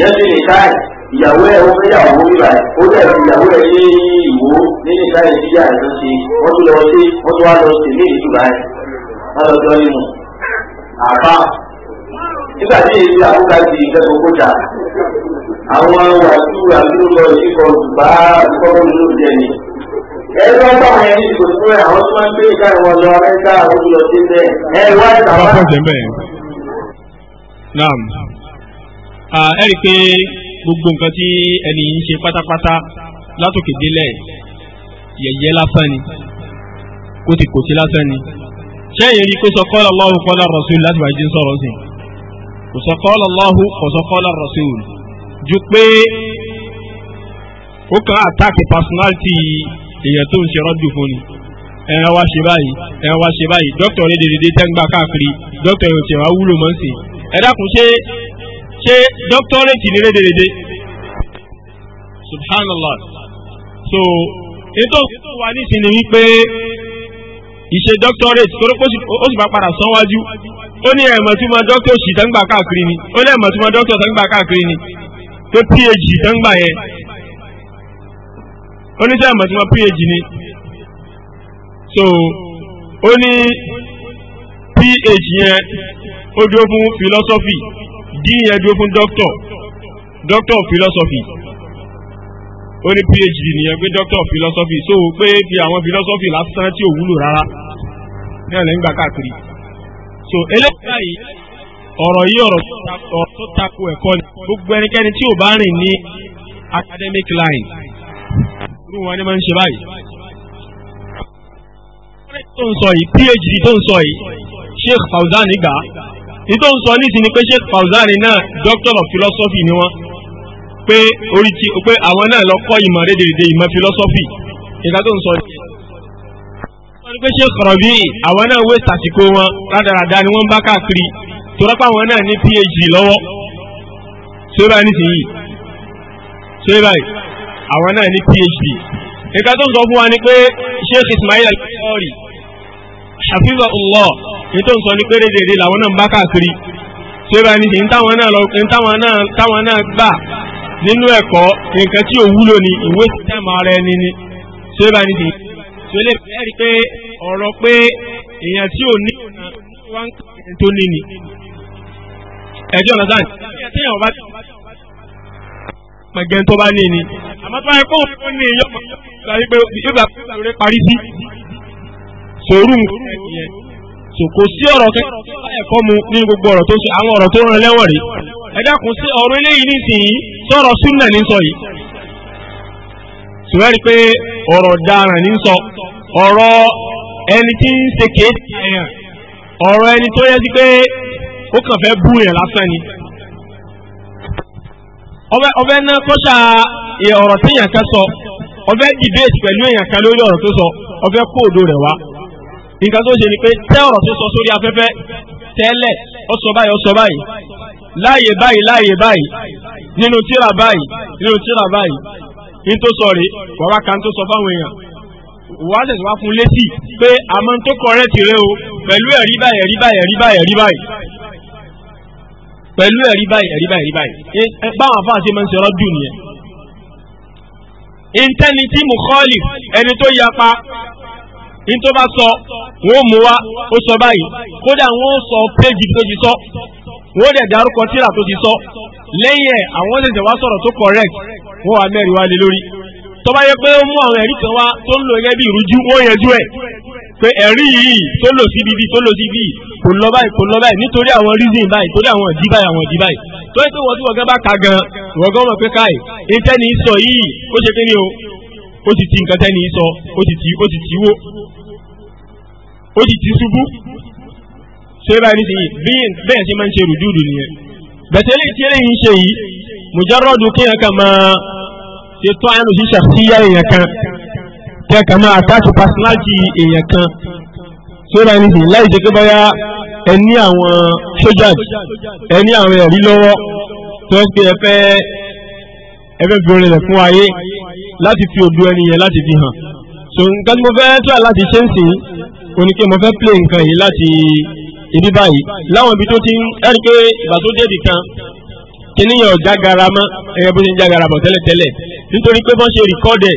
Speaker 1: ရတဲ့နေတိုင်း ìyàwó ẹ̀ wọ́n fẹ́ yàwó wọ́n bíbá ẹ̀ ó dẹ̀ ìyàwó ẹ̀ yé ìwò nínú ìgbà yẹn ti yá ẹ̀ tó ṣe wọ́n tún lọ sí wọ́n tún wá lọ sí ní ìtura ẹ̀ wọ́n lọ jọ nínú àbá nígbà tí ni. ẹgbẹ́ báwọn yẹn ní ìgò fún ẹ àwọn tí wọ́n ń gbé ìdáhùn wọn lọ ẹgbẹ́ àwọn olùlọ sí bẹ́ẹ̀ ẹ wá ìtàwọn. ọkọ jẹ bẹ́ẹ̀ naam ẹ rí i pé gbogbo nǹkan tí ẹni yìí ń ṣe pátápátá látòkè délẹ̀ yẹ̀yẹ́ lásán ni kó ti kò sí lásán ni ṣé èyí rí i pé sọ qala Allahu qala Rasul láti wàá jí sọ̀rọ̀ sí kò sọ qala Allahu kò sọ qala Rasul ju pé ó kàn àtàkì personality èèyàn tó ń ṣe rọ́dù fún ni ẹran wa ṣe báyìí ẹran wa ṣe báyìí dókítà ní dèdèdè tẹ́ǹgbà káàkiri dókítà yóò ṣe wá wúlò mọ́ sí ẹ dákun ṣe ṣe dọ́kítọ́rẹ́tì ní dèdèdè subhanallah so ètò wa nísìn ni wípé ìṣe dọ́kítọ́rẹ́tì torí ó sì bá padà sanwájú ó ní ẹ̀mọ̀ tí mo dókítà òṣì tẹ́ǹgbà káàkiri ni ó ní ẹ̀mọ̀ tí mo dókítà tẹ́ǹgbà káàkiri ni pé phd tẹ́ǹgbà yẹn oníṣẹ́ àmọ̀ tí wọ́n phd ni so ó ní phd yẹn ó dúró fún philosophy d yẹn dúró fún doctor doctor of philosophy ó ní phd nìyẹn pé doctor of philosophy so pé bí àwọn philosophy lásán tí ò wúlò rárá ní ọ̀lẹ́ ń gbà káàkiri so eléyìí ọ̀rọ̀ yìí ọ̀rọ̀ tó tako ẹ̀kọ́ ni gbogbo ẹnikẹ́ni tí ò bá rìn ní academic line irú wọn ni máa ń ṣe báyìí. tó ń sọ yìí phd tó ń sọ yìí sheikh fauzan gbà ní tó ń sọ ní ìsinmi pé sheikh fauzan náà doctor of philosophy ni wọ́n pé orí ti pé àwọn náà lọ kọ́ ìmọ̀ rédèrèdè ìmọ̀ philosophy ìka tó ń sọ yìí. wọ́n ní pé sheikh rabi àwọn náà wé sàsìkò wọn rádaràda ni wọ́n bá káàkiri torí pé àwọn náà ní phd lọ́wọ́ ṣé báyìí nísìnyí ṣé báyìí àwọn náà ní phd nǹkan tó ń sọ fún wa ni pé sheikh ismail al-qori hafiza allah ní tó ń sọ ní péré dèrè làwọn náà ń bá káàkiri tó bá ní ní táwọn náà lọ ní táwọn náà táwọn náà gbà nínú ẹ̀kọ́ nǹkan tí ò wúlò ní ìwé sítáàmù ara ẹni ni tó bá ní ní tó lè bẹ́ẹ̀ rí pé ọ̀rọ̀ pé èèyàn tí ò ní ọ̀nà wá ń kàwé tó ní ni ẹjọ́ ọ̀nà tí èèyàn bá ti pẹ̀gẹ́ tó bá ní ni àmọ́ tó bá yẹ kó òun fún ní ìyọ́ ìgbàlódé pé ìgbà pẹ̀lú rẹ̀ parí sí sòrú nìyẹn so kò sí ọ̀rọ̀ kẹ́kọ̀ọ́ ẹ̀kọ́ mu ní gbogbo ọ̀rọ̀ tó ṣe àwọn ọ̀rọ̀ tó rán lẹ́wọ̀n rí ẹ dákun sí ọ̀rọ̀ eléyìí nísìnyí sọ̀rọ̀ súnà ní sọ yìí sùwẹ́rì pé ọ̀rọ̀ daràn ní sọ ọ̀rọ̀ ẹni tí ń ṣe kéèké ẹ̀yàn ọ̀rọ̀ ẹni tó yẹ sí pé ó kàn fẹ́ bú yẹn lásán ni ọbẹ̀ náà kọ́ṣà ọ̀rọ̀ tí èèyàn kan sọ ọbẹ̀ debate pẹ̀lú èèyàn kan lórí ọ̀rọ̀ tó sọ ọbẹ̀ kó òdo rẹ̀ wá nǹkan tó ṣe ni pé tẹ́ ọ̀rọ̀ tó sọ sórí afẹ́fẹ́ tẹ́lẹ̀ ó sọ báyìí ó sọ báyìí láàyè báyìí láàyè báyìí nínú tíra báyìí nínú tíra báyìí ní tó sọ rèé wàá kan tó sọ fáwọn èèyàn wàá tẹ̀síwá fún létí pé àmọ́ tó kọrẹ́tì rẹ o pẹ̀lú ẹ̀rí báyìí ẹ̀rí báyìí ẹ̀rí báyìí ẹ̀rí báyìí pẹ̀lú ẹ̀rí báyìí ẹ̀rí báyìí ẹ̀rí báyìí báwọn afáà ṣe máa ń nìyẹn. ìntẹ́ni tí mùkọ́lì ẹni tó yapa ní tó bá sọ wọn ò mú wa ó sọ báyìí kódà wọn ò sọ péjì tó ti sọ wọn dẹ̀ dárúkọ tíra tó ti sọ lẹ́yìn ẹ̀ àwọn ṣẹ̀ṣẹ̀ wá sọ̀rọ̀ tó correct wọn wà mẹ́rin wá lé lórí tó bá yẹ pé ó mú àwọn ẹ̀rí kan wá tó ń lò gẹ́gẹ́ bí ìrújú ó yanjú ẹ̀ pé ẹ̀rí yìí tó lò sí bíbí tó lò sí bíi kò lọ báyìí kò lọ báyìí nítorí àwọn reason báyìí torí àwọn ìdí báyìí àwọn ìdí báyìí tó yẹ pé wọ́n tí wọ́n gán bá ka gan wọ́n gán mọ̀ pé káì ìtẹ́ni sọ yìí ó ṣe kíni o ó ti ti nǹkan tẹ́ni sọ ó ti ti ó ti ti wó ó ti ti ṣubú ṣé báyìí nísìnyí bẹ́ẹ̀ ṣe tọ́ àánú ṣíṣà sí yá èèyàn kan kẹ́kàá máa àtàkì pàṣínáàjì èèyàn kan tí ó rà ní ìsìn láì ṣe pé báyá ẹni àwọn sójàj ẹni àwọn ẹ̀rí lọ́wọ́ tó ń pè ẹ fẹ́ ẹfẹ́ fi orin rẹ̀ fún ayé láti fi òdu ẹni yẹn láti fi hàn so nǹkan tí mo fẹ́ tíra láti ṣe ń sìn oníke mo fẹ́ play nǹkan yìí láti ibi báyìí láwọn ibi tó ti ń ẹni pé ìgbà tó dé ibì kan kìnìyàn ò jágara mọ́ ẹ̀yẹ́ bó ṣe ń jágara bọ̀ tẹ́lẹ̀tẹ́lẹ̀ nítorí pé wọ́n ṣe rìkọ́dẹ̀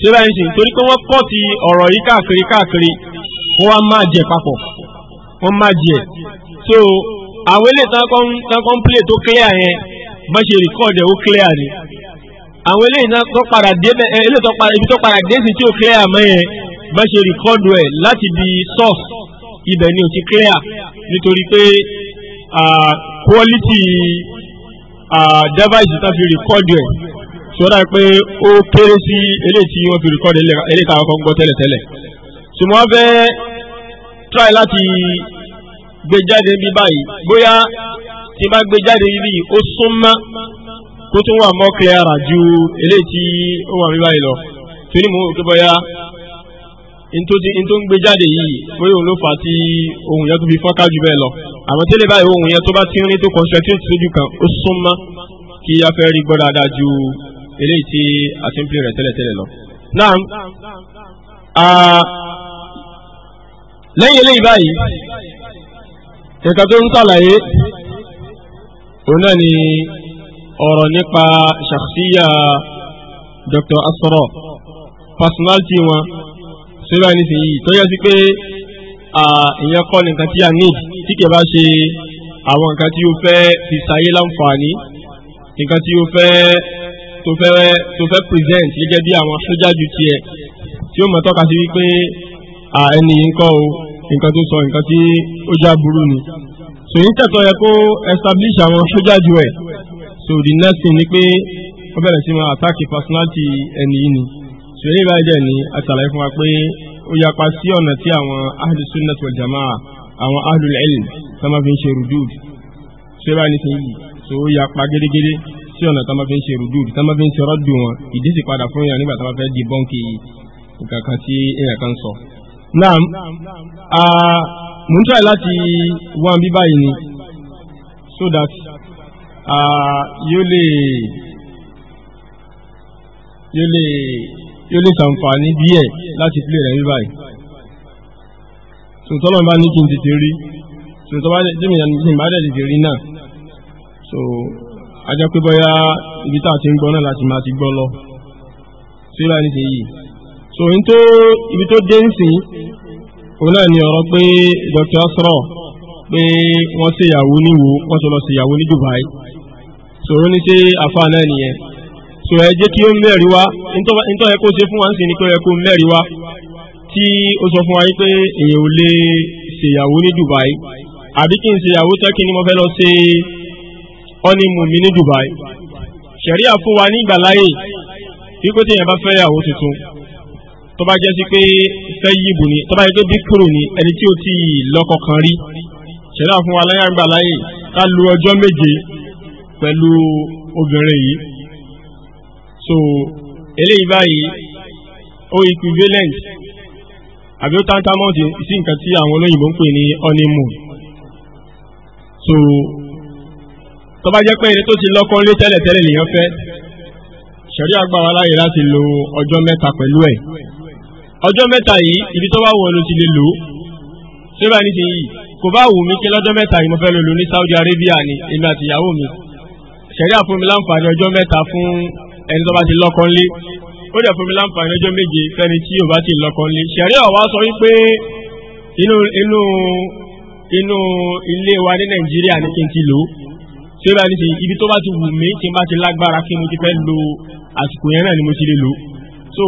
Speaker 1: ṣé báyìí ṣe nítorí pé wọ́n kọ́ ti ọ̀rọ̀ yìí káàkiri káàkiri wọ́n wá máa jẹ papọ̀ wọ́n máa jẹ so àwọn ilé tankọ́n plé tó clear yẹn bọ́n ṣe rìkọ́dẹ̀ ó clear ni àwọn ilé tó padà dé ilé tó padà dé sí tí ó clear mọ́ yẹn bọ́n ṣe rìkọ́dù ẹ̀ láti bí source ibẹ̀ ni ò ti clear nítorí pé quality device tá fi record ẹ̀ sọ́dá pé ó kéré sí eléyìí tí wọ́n fi record eléyìí tá a kọ́ ń gbọ́ tẹ́lẹ̀tẹ́lẹ̀ so mo wá fẹ́ try láti gbé jáde bí báyìí bóyá tí bá gbé jáde bí bíi ó súnmọ́ kó tún wà mọ́ clearer ju eléyìí tí ó wà bí báyìí lọ torí mo rò pé ntòtí ntò ń gbé jáde yìí bóyá òun ló fà á tí ohun yẹn tó fi fọ́nká jù bẹ́ẹ̀ lọ àmọ́ tẹ́lẹ̀ báyìí ohun yẹn tó bá ti ń rí tó kọ́ṣẹ́ tí ó ti sójú kan ó súnmọ́ kí a fẹ́ rí gbọ́ dáadáa ju eléyìí tí a ti ń pè rẹ̀ tẹ́lẹ̀tẹ́lẹ̀ lọ. náà lẹ́yìn eléyìí báyìí ẹ̀ka tó ń sàlàyé òun náà ni ọ̀rọ̀ nípa ṣàkṣíyà Dr. Asoro personality wọn ṣé báyìí nísìnyí tó yẹ sí pé ìyẹn kọ́ nìkan tí a ní tí kìí bá ṣe àwọn nǹkan tí ó fẹ́ fi ṣayé láǹfààní nǹkan tí ó fẹ́ tó fẹ́ tó fẹ́ present gẹ́gẹ́ bí àwọn sójájú tiẹ̀ tí ó mọ̀ tọ́ka sí wípé ẹni yìí ń kọ́ o nǹkan tó sọ nǹkan tí ó já burú ni so yìí tẹ̀tọ́ yẹ kó establish àwọn sójájú ẹ̀ so the next thing ni pé wọ́n bẹ̀rẹ̀ sí máa attack personality ẹni yìí ni sèré ìbáyìí dẹ̀ ni a ṣàlàyé fún wa pé ó yapa sí ọ̀nà tí àwọn ahlu sunnah wal jamaa àwọn ahlu ilm tó máa fi ń ṣe rudud sèré ìbáyìí nìkan yìí tó ó yapa gédégédé sí ọ̀nà tó fi ń ṣe rudud tó fi ń ṣe rọ́dù wọn ìdí sì padà fún yàn nígbà tó fẹ́ di bọ́ǹkì nǹkan tí èèyàn kan sọ. naam mo ń tọ́ láti wọ́n bí báyìí ni so that yóò lè yóò lè yóò lè ṣàǹfààní díẹ̀ láti pílẹ̀ rẹ̀ ní báyìí sòtọ́ lọ́nà bá ní kí n tètè rí sòtọ́ bá jẹ́mi ìyànjú bá dẹ̀ tètè rí náà so ajá pé bọ́yá ibi tá a ti ń gbọ́ náà láti máa ti gbọ́ lọ sí láì nísìn yìí so n tó ibi tó dé nsìn òun náà ni ọ̀rọ̀ pé Dr. Asra pé wọ́n ṣèyàwó níwò wọ́n tó lọ ṣèyàwó ní Dubai so ó ní ṣe àfa náà nìyẹn so ẹ jẹ́ kí ó mẹ́rin wá nítorí ẹ kó ṣe fún wa ń sìn ní pé ẹ kó mẹ́rin wá tí ó sọ fún wa yìí pé èèyàn ò lè ṣèyàwó ní Dubai àbí kí n ṣèyàwó tẹ́kí ni mo fẹ́ lọ ṣe ọ́nìmù mi ní Dubai ṣẹ̀ríà fún wa ní ìgbàláyè wípé tí èèyàn bá fẹ́ yàwó tuntun tó bá jẹ́ sí pé fẹ́ yíbù ni tó bá jẹ́ pé bíkúrò ni ẹni tí ó ti lọ́kọ kan rí ṣẹ̀ríà fún wa láyà ìgbàláyè ká lu ọjọ́ méje pẹ̀lú obìnrin yìí so eléyìí báyìí ó equivalent àbí ó tantamount sí nǹkan tí àwọn olóyìnbó ń pè ní honeymoon so tó bá jẹ́ pé ẹni tó ti lọ́kọ lé tẹ́lẹ̀tẹ́lẹ̀ nìyẹn fẹ́ ṣẹ̀rí àgbà wa láyè láti lo ọjọ́ mẹ́ta pẹ̀lú ẹ̀ ọjọ́ mẹ́ta yìí ibi tó bá wọ̀ ló ti lè lò ó ṣé bá nísìnyí kò bá wù mí kí lọ́jọ́ mẹ́ta yìí mo fẹ́ lò lò ní Saudi Arabia ni èmi àti ìyàwó mi ṣẹ̀rí àfún mi láǹfààní ọjọ́ mẹ́ta fún ẹni tó bá ti lọ́kọ ńlé ó dẹ̀ fún mi láǹfààní ọjọ́ méje fẹ́ni tí ò bá ti lọ́kọ ńlé ṣẹ̀rí ọ̀wá sọ wípé inú inú inú ilé wa ní nàìjíríà ní kí n ti lò ó tí ó bá ní ṣe ibi tó bá ti wù mí tí n bá ti lágbára kí mo ti fẹ́ lo àsìkò yẹn náà ni mo ti lè lò ó so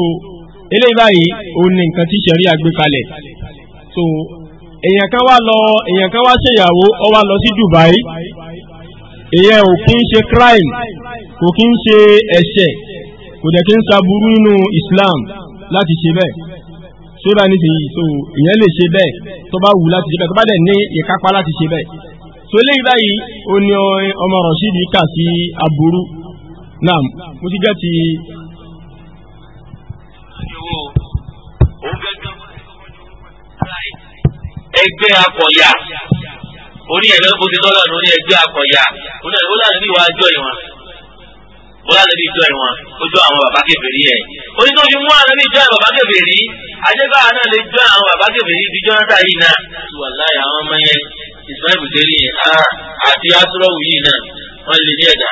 Speaker 1: eléyìí báyìí òun ni nǹkan tí ṣẹ̀rí àgbé kalẹ̀ so èèyàn kan wá lọ èèyàn kan wá ṣèyàwó ó wá lọ sí Dubai èèyàn ò kí ń ṣe crime kò kí ń ṣe ẹ̀ṣẹ̀ kò dẹ̀ kí ń saburú nínú Islam láti ṣe bẹ́ẹ̀ sódà nísìnyí so ìyẹn lè ṣe bẹ́ẹ̀ tó bá wù láti ṣe bẹ́ẹ̀ tó bá dẹ̀ ní ìkápá láti ṣe bẹ́ẹ̀ so léyìí báyìí ó ní ọmọ Rashidi kà sí aburú náà mo ti gẹ́ ti. ẹgbẹ́ akọ̀yà orí ẹ̀rọ bó ti dọ́là orí ẹgbẹ́ akọ̀yà ó náà ní wàá jọ ìwọ̀n bóyá nàbí ìjọ ìwọ̀n ó jọ àwọn bàbá kèfèrí ẹ̀. onítọ́jú mú àná níjọ́ ẹ̀ bàbá kèfèrí ajẹ́gbà náà lè jọ àwọn bàbá kèfèrí bí jọ́nàtà yìí náà. wà láyé àwọn ọmọ yẹn ìsìláì bùtẹ́rì yẹn àti asúrọ̀wù yìí náà wọ́n lè ní ẹ̀dá.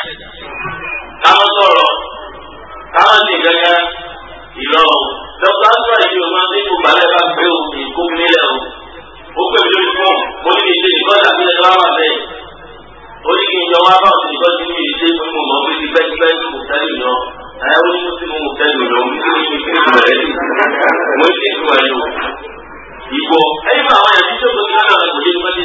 Speaker 1: táwọn sọ̀rọ̀ táwọn lè gẹ́gẹ́ ìlọ dọ́kítà sọ̀rọ̀ ìdí omi ọdún ìfún balẹ̀ bá gbé òkú ìkókun
Speaker 2: ó ní kí n yọ wá báwọn ti tọ́jú mi ṣe fún mi mọ́ mi ti bẹ́ẹ̀ ti bẹ́ẹ̀ kò tẹ́lẹ̀
Speaker 1: lọ ẹ ó ní tí mo tẹ́lẹ̀ lọ mo ní kí n tún ẹ̀ mo ní kí n tún ẹ̀ lọ. ìgbọ́ ẹ̀yìn bá àwọn ẹ̀sìn tó kọjá náà kò lè má dé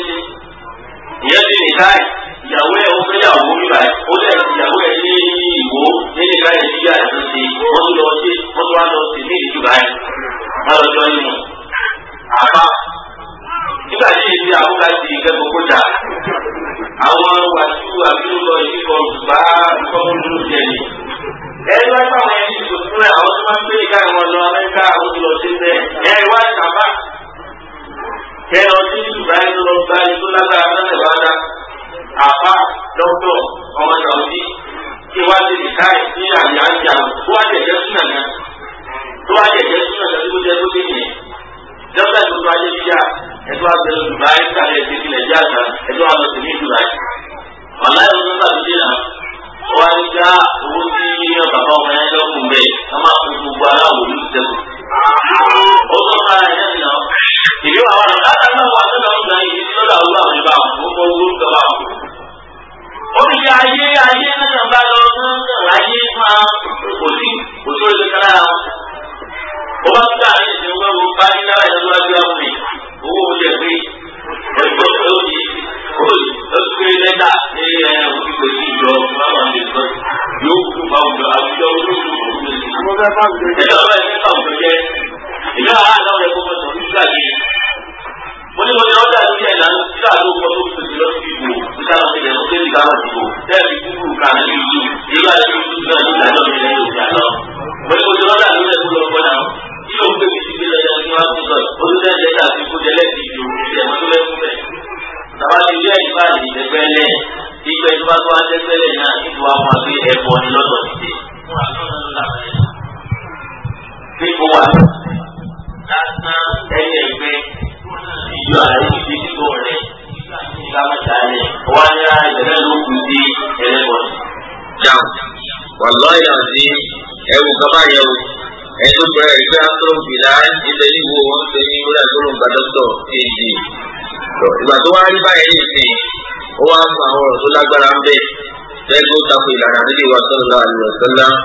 Speaker 1: wasallam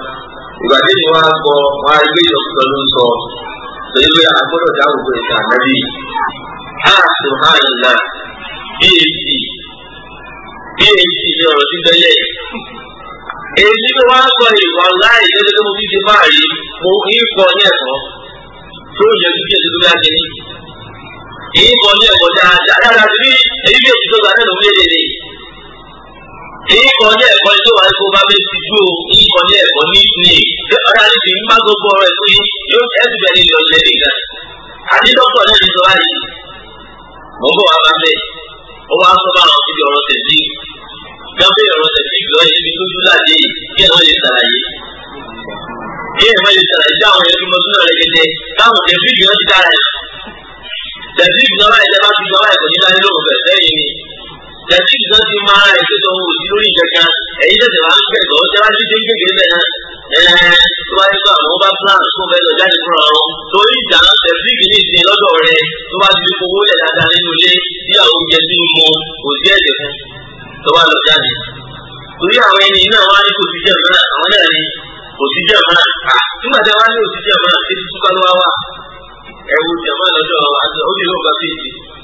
Speaker 1: ìgbà tí ìwà sọ wọn á gbé ìyọkùsọ ló ń sọ èyí pé àgbọ́dọ̀ dáhùn pé ìta ànábì àṣù hàìlà bhd bhd ní ọ̀rọ̀ tí bẹ́lẹ̀ èyí ló wá sọ ìwà láì lẹ́jọ́ tó mo fi ti máa rí mo ń kọ ní ẹ̀kọ́ tó yẹ kí bí ẹ̀dúgbò láti ní èyí kọ ní ẹ̀kọ́ dáadáa dáadáa sí èyí bí èyí tó gbà náà ló ń ní èyí kọ ní ẹ̀kọ́ ọ̀rọ̀ ẹ̀kọ́ bá bẹ́ẹ̀ ti ju ìkọ̀ ní ẹ̀kọ́ ní ìpínlẹ̀ ṣé ọ̀rọ̀ àti tèmi má gbogbo ọ̀rọ̀ ẹ̀kọ́ yìí yóò ẹ̀sùn bẹ́ẹ̀ nílò ọ̀sẹ̀ nìkan. àti dọ́kọ̀ náà ní sọ́wá yìí mọ̀ bọ̀ wá bá bẹ́ẹ̀ ó wá sọ́ bá wọn síbi ọ̀rọ̀ tẹ̀sí gbàgbé ọ̀rọ̀ tẹ̀sí lọ ibi tó dún láàyè kí ẹ̀ lè ṣàlàyé kí ẹ̀ lè ṣàlàyé táwọn ẹ̀rọ mọ́tò náà rẹ̀gẹ́dẹ́ táwọn tẹ̀sí ìgbìyànjú dára tẹ̀sí ìgbìyànjú ẹ̀jẹ̀ bá ti sọ́wọ́ ẹ̀kọ́ nílá nílò ọ̀fẹ́ lẹ́yìn ni jẹ̀sí ìdán ti máa rẹ̀ tó tọ́wọ́ òsì lórí ìjẹ̀kan ẹ̀yin tẹ̀sẹ̀ wá ń pẹ̀tọ́ síwájú tó ń kékeré bẹ̀ náà tó bá yẹ kó àwọn bá plan tó fẹ́ lọ jáde fún ọ torí ìjà tẹ̀síkì ní ìsìn lọ́dọ̀ rẹ tó bá ti fowó lẹ̀ dáadáa nínú ilé tí àwọn oúnjẹ ti ń mu kò sí ẹ̀jẹ̀ fún tó bá lọ jáde. torí àwọn ẹni náà wá ní kò sí jẹ̀ mọ́ra àwọn náà ní kò sí jẹ̀ mọ́ra nígbà tí a wá ní kò sí jẹ̀ mọ́ra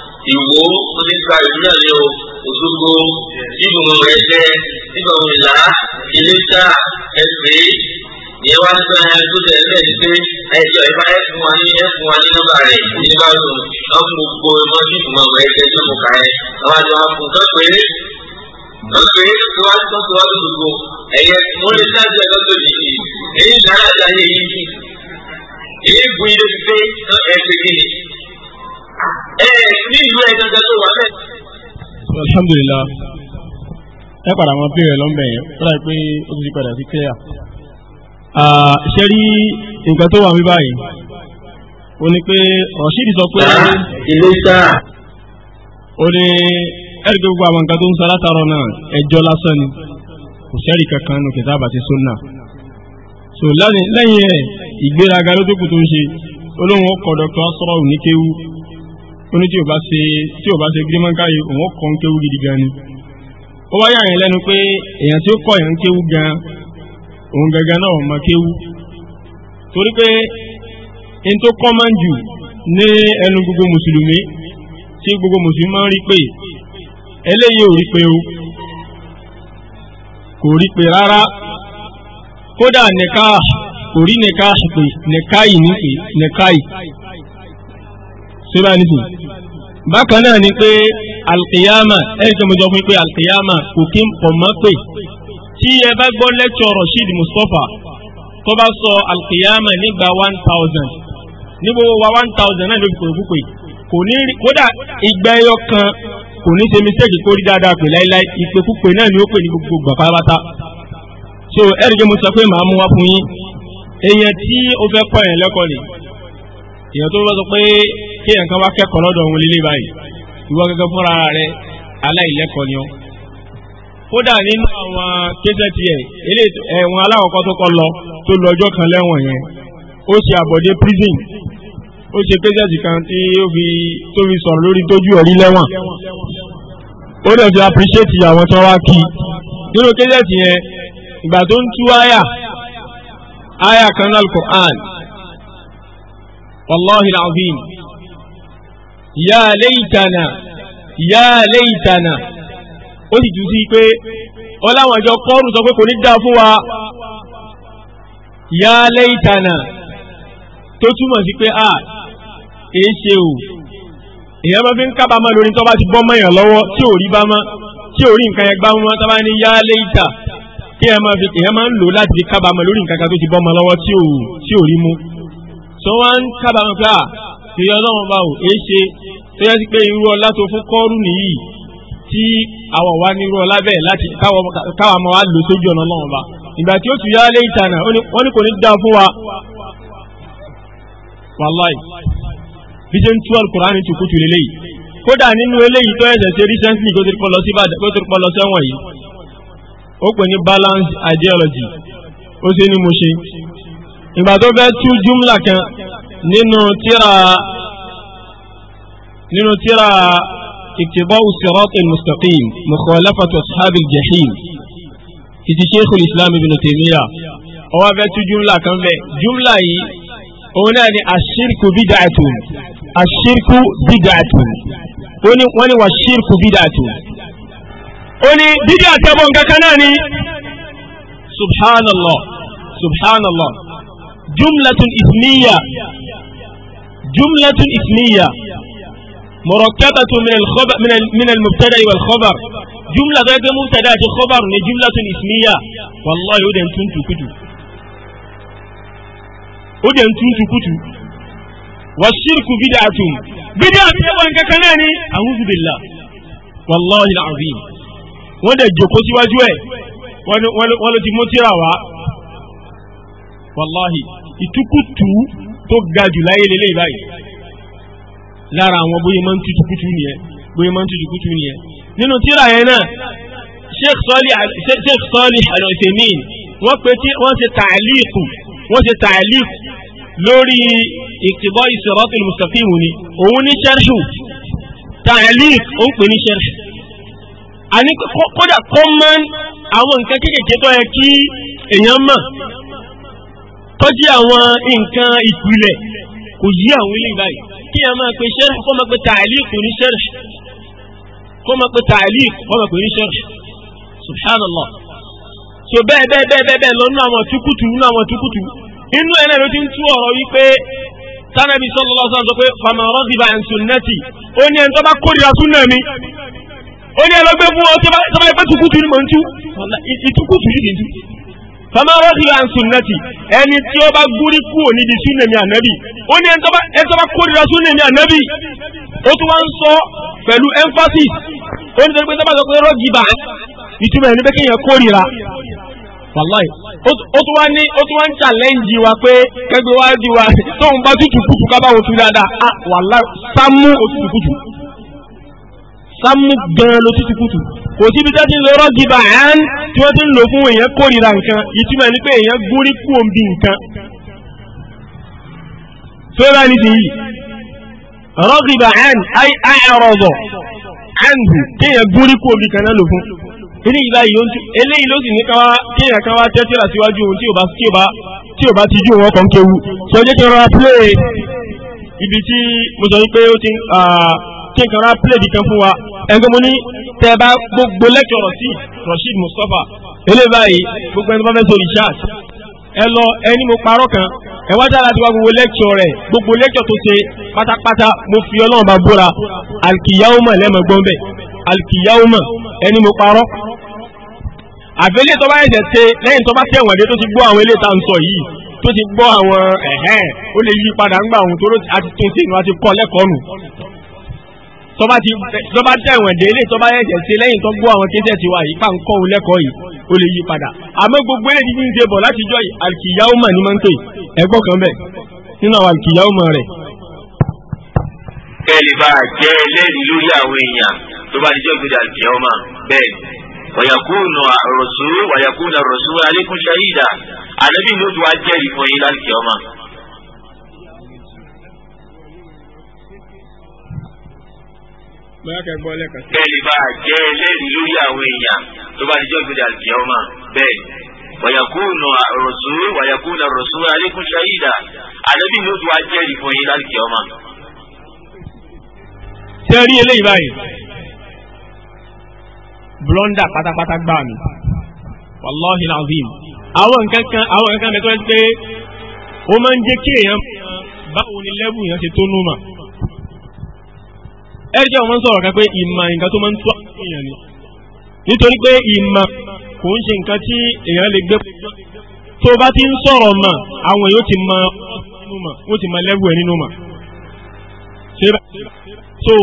Speaker 1: ìwò tó ti gba ìlú náà ní o òṣogbo ìbùn ẹgbẹ ìbùn ìlà ìlẹsà ẹgbẹ
Speaker 2: ìyẹn wá sí ẹ tó tẹ ẹ lẹ́yìn pé ẹjọ́ ìfá ẹ fún wa ní ẹ fún wa ní nọ́mbà rẹ ìyẹn bá lò wọn fún gbogbo ẹmọ sí ìbùn ọmọ ẹgbẹ tó mọ ká ẹ àwọn àti wọn fún kẹpẹ kẹpẹ tó wá tó tó wá tó gbogbo ẹyẹ wọn lè sáájú ẹ lọ́tọ̀ yìí yìí ẹ ní ìlú ẹ gẹ́gẹ́ tó wà bẹ́ẹ̀.
Speaker 1: alhamdulilah ẹ padà wọn bẹ̀rẹ̀ lọ́mbẹ̀ yẹn ó dà pé ó ti padà sí kẹ́yà. ṣé rí nǹkan tó wà mí báyìí ó ní pé rọ̀ṣídì sọ pé. ìlú ah, sá. ó ní ẹ̀rí gbogbo àwọn nǹkan tó ń sọ látàrọ náà ẹjọ́ lásán ni kò sẹ́rí kankan nù kìtàbà ti sunna so lẹ́yìn ẹ̀ ìgbéraga ló tó kù tó ń ṣe olóhùn ọkọ̀ dr asọ́rọ̀ ní kéwú ó ní tí ò bá ṣe tí ò bá ṣe gírímọ́ńkà yìí òun kọ́ ń kéwú gidi gan ni ó wáyé àyàn lẹ́nu pé èèyàn tí ó kọ́ yẹn ń kéwú gan òun gangan náà ọmọ kéwú torí pé n tó kọ́ máa ń jù ní ẹnu gbogbo mùsùlùmí tí gbogbo mùsùlùmí máa ń rí pé eléyìí ò rí pé o kò rí pé rárá kódà nìka kò rí nìka pé nìka yìí ní nìka yìí ṣé báyìí bákan náà ni pé alkiyama ẹni tó mọjọ fún pé alkiyama kò kí n pọ̀ mọ́ pé tí ẹ bá gbọ́ lẹ́tọ̀ Rasheed Mustapha tó bá sọ alkiyama nígbà one thousand ní wa one thousand náà ló fi kòrò púpè kò ní rí kódà ìgbà ẹyọ kan kò ní ṣe mistake kó rí dáadáa pè láíláí ìpè náà ni ó pè ní gbogbo gbàpáráta so ẹni tó mọjọ pé màá mú wá fún yín èèyàn tí ó fẹ́ kọ́ yẹn lẹ́kọ̀ọ́ ni èèyàn tó bá sọ pé kí ẹ̀ǹkan wá kẹ́kọ̀ọ́ lọ́dọ̀ òun lílé báyìí ìwọ gẹ́gẹ́ fúnra rẹ aláìlẹ́kọ̀ọ́ ni ọ́ kódà nínú àwọn késẹ́tì ẹ̀ ilé ẹ̀wọ̀n aláwọ̀kọ́ tó kọ́ lọ tó lọ́jọ́ kan lẹ́wọ̀n yẹn ó ṣe àbọ̀dé prison ó ṣe késẹ́tì kan tí ó fi tó fi sọ̀rọ̀ lórí tójú ẹ̀rí lẹ́wọ̀n ó dẹ̀ fi appreciate àwọn tó wá kí nínú késẹ́tì yẹn ìgbà tó ń tú àyà àyà kan ní al-Qur'an wàláhi al-azim ya leitana ya leitana ó sì jù sí pé ọláwọn àjọ kọ́ọ̀rù sọ pé kò ní dáa fún wa ya leitana tó túmọ̀ sí pé a èé ṣe o èèyàn máa fi ń kábàámọ̀ lórí tó bá ti bọ́ mọ́yàn lọ́wọ́ tí ò rí bá mọ́ tí ò rí nǹkan yẹn gbá mọ́ tó bá ní ya leita kí ẹ máa fi èèyàn máa ń lò láti fi kábàámọ̀ lórí nǹkan kan tó ti bọ́ mọ́ lọ́wọ́ tí ò rí mú. sọ wá ń kábàámọ̀ pé a tí ọlọ́run bá wò é ṣe tó yẹ sí pé irú ọlá tó fún kọ́ọ̀rù nìyí tí àwọn wa ní irú ọlá bẹ́ẹ̀ láti káwa máa wá lò sójú ọ̀nà ọlọ́run bá ìgbà tí ó tù yá lẹ́yìn tànà wọ́n ní kò ní dáa fún wa wàláì bí ṣe ń tú alukur'an ní tùkútù lélẹ́yìí kódà nínú eléyìí tó ẹ̀sẹ̀ ṣe recently tó ti pọ̀ lọ sí Ìbàdàn tó ti pọ̀ lọ sẹ́wọ̀n yìí ó pè ní balanced ideology ó ṣe ní mo ṣe ìgbà tó fẹ́ tú júmlà kan nínú tíra nínú tíra ittiba'u siratil mustaqim mukhalafatu ashabil jahim ìdí sheikhul islam ibn taymiya ọwọ́ abẹ́ tú jumla kan bẹ́ẹ̀ jumla yìí òun náà ni ashirku bid'atun ashirku bid'atun wọ́n ni wà ṣírkù bídàtù ó ní bídà tẹ́bọ̀ nǹkankan náà ni subhanallah subhanallah jumlatun ismiya جملة اسمية مركبة من الخبر من من المبتدأ والخبر جملة غير مبتدأ خبر من جملة اسمية والله ودن تنتو كتو ودن تنتو كتو والشرك بدعة بدعة وانك كناني أعوذ بالله والله العظيم ودا جوكوسي واجوي ولو تموتي روا والله يتكتو tó ga jù láyé lélẹ̀ báyìí lára àwọn bóyá máa ń tutù kútù nìyẹn bóyá máa ń tutù kútù nìyẹn nínú tíra yẹn náà sheikh Salih sheikh Salih Al-Uthaymeen wọ́n pe tí wọ́n ṣe tàlíkù wọ́n ṣe tàlíkù lórí ìtìbọ́ siratul mustaqim ni òun ní sharhu tàlíkù ó ń pè ní sharhu àní kódà common àwọn nǹkan kéékèèké tó yẹ kí èèyàn mọ̀ tó jí àwọn nǹkan ìpìlẹ̀ kò yí àwọn ilé ìbáyìí kí ẹ máa pe ṣẹ́rì kó máa pe tàìlíkù ní ṣẹ́rì kó máa pe tàìlíkù kó máa pe ní ṣẹ́rì subhanallah so bẹ́ẹ̀ bẹ́ẹ̀ bẹ́ẹ̀ bẹ́ẹ̀ bẹ́ẹ̀ lọ nínú àwọn tukutu nínú àwọn tukutu inú ẹ̀ náà ló ti ń tú ọ̀rọ̀ wípé tánàbí sallallahu alaihi wasallam sọ pé faman radiba an sunnati ó ní ẹni tó bá kórìíra súnà mi ó ní ẹ lọ gbé fún ọ tó bá yẹ pé tukutu ni mò ń tú ìtukutu yìí kì í tú fama rọ́dì à ń sunnati ẹni tí ó bá gúrí kúrò níbi súnà mi ànábì ó ní ẹni tó bá kórìíra súnà mi tún wá ń sọ pẹ̀lú emphasis ó ní sọ́dọ̀ pé sọ́dọ̀ pé rọ́gì bá ìtumọ̀ ẹni pé kéèyàn kórìíra wàláì ó tún wá ní ó tún wá ń challenge wa pé kẹgbẹ́ wá di wa tóun bá tutù kùtù ká bá wọn tu dáadáa ah, wàláì sámú òtútù kùtù ká gan ló tútù kùtù kò síbi tá ti ń lọ rọ́gìbà án tí wọ́n ti ń lò fún èèyàn kórìíra nǹkan ìtumọ̀ ní pé èèyàn gúrí kú òǹbí nǹkan tó bá ní sìn yìí rọ́gìbà án àì àìrọ̀zọ̀ ánìhù kéèyàn gúrí kú òǹbí kan náà lò fún eléyìí báyìí eléyìí ló sì ní káwá kéèyàn káwá tẹ́tíra síwájú ohun tí ò bá tí ò bá tí ò bá ti jú wọn kàn kéwu sọ jẹ́ kí n rọra pílẹ̀ ibi tí mo sọ wípé ó ti ah, kékeré pílẹ̀dì kan fún wa ẹgbẹ́ mo ní tẹ́ bá gbogbo lẹ́kọ̀ọ́ sí Rasheed Mustapha eléyìí báyìí gbogbo ẹni bá fẹ́ sọ research ẹ lọ ẹni mo parọ́ kan ẹ wá dára tí wá gbogbo lẹ́kọ̀ọ́ rẹ̀ gbogbo lẹ́kọ̀ọ́ tó ṣe pátápátá mo fi ọlọ́run bá búra alkiyahoma lẹ́mọ̀ gbọ́n bẹ́ẹ̀ alkiyahoma ẹni mo parọ́ àfẹ́lẹ́ tó bá ẹ̀jẹ̀ ṣe lẹ́yìn tó bá tẹ̀wọ̀n dé tó ti gbọ́ àwọn eléta ń sọ yìí tó ti gbọ́ àwọn ẹ̀hẹ́n ó lè yí padà ń gbà àwọn tó àti tó ń ṣe ìnú àti kọ́ lẹ́kọ̀ọ́ nù tọ́ba ti tọ́ba tẹ̀wọ̀n délé tọ́ba ẹ̀jẹ̀ ṣe lẹ́yìn tó gbọ́ àwọn kéjẹ́ tiwa yìí pa nǹkan òun lẹ́kọ̀ọ́ yìí ó lè yí padà àmọ́ gbogbo eléyìí ti ń ṣe bọ̀ láti jọ yìí àlùkìyàwó mà ní máa ń pè ẹgbọ́n kan bẹ̀ nínú àwọn àlùkìyàwó mà rẹ̀. kẹ́lí bá a jẹ́ ẹlẹ́rìí lórí àwọn èèyàn tó bá ti jọ́ gbé àlùkìyàwó mà bẹ́ẹ̀ wàyàkùnù àròsù wàyàkùnù àròsù alékún ṣahídà ànábì ní ti wá jẹ́rìí fún yín láti ọmọ bẹ́ẹ̀ ni bá a jẹ́ ẹlẹ́rìí lórí àwọn èèyàn tó bá dijọ́ ìgbéjà kìọ́mà bẹ́ẹ̀ wàyàkùnà rọ̀sùn wàyàkùnà rọ̀sùn alẹ́kùn ṣayídà àlẹ́bí ni ó ti wá jẹ́rìí fún yín láti kìọ́mà. ṣé rí eléyìí báyìí blọ́ndà pátápátá gbà mí wàláhi lazim àwọn nǹkan kan àwọn nǹkan kan bẹ tó ó máa ń jẹ́ kí èèyàn báwo ni lẹ́bù yẹn ti tó nù mà. ẹ̀rí jẹ́ ọmọ sọ̀rọ̀ kan pé ìmọ̀ nǹkan tó máa ń tó àwọn ni nítorí pé ìmọ̀ kò ń ṣe nǹkan tí èèyàn lè gbé tó bá ti ń sọ̀rọ̀ mà àwọn èèyàn ti mọ wọ́n ti mọ lẹ́wù ẹ̀ nínú mà. so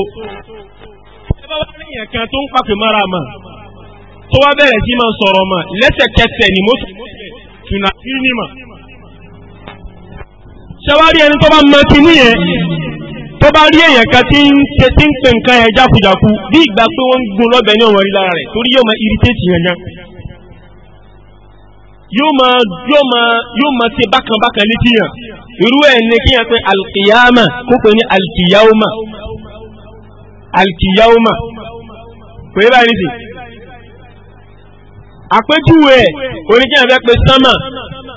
Speaker 1: ẹ bá wá lẹ́yìn kan tó ń pàpè mára mà tó wá bẹ̀rẹ̀ sí máa sọ̀rọ̀ mà lẹ́sẹ̀kẹsẹ̀ ni mo tùnà sí mà. ẹni tó bá mọ yẹn tó bá rí èèyàn kan tí ń tí ń pè nǹkan yẹn jákujàku bí ìgbà pé wọ́n ń gun lọ́bẹ̀ ní ọ̀wọ́n rí lára torí yóò máa irritate yẹn yẹn yóò máa yóò máa yóò máa ṣe bákan bákan létí yẹn irú ẹ̀ ní kí yẹn pé alkiyama kó pè ní alkiyauma alkiyauma pé báyìí nìyí àpéjúwe ẹ̀ oníkẹ́yìn fẹ́ pé sánmà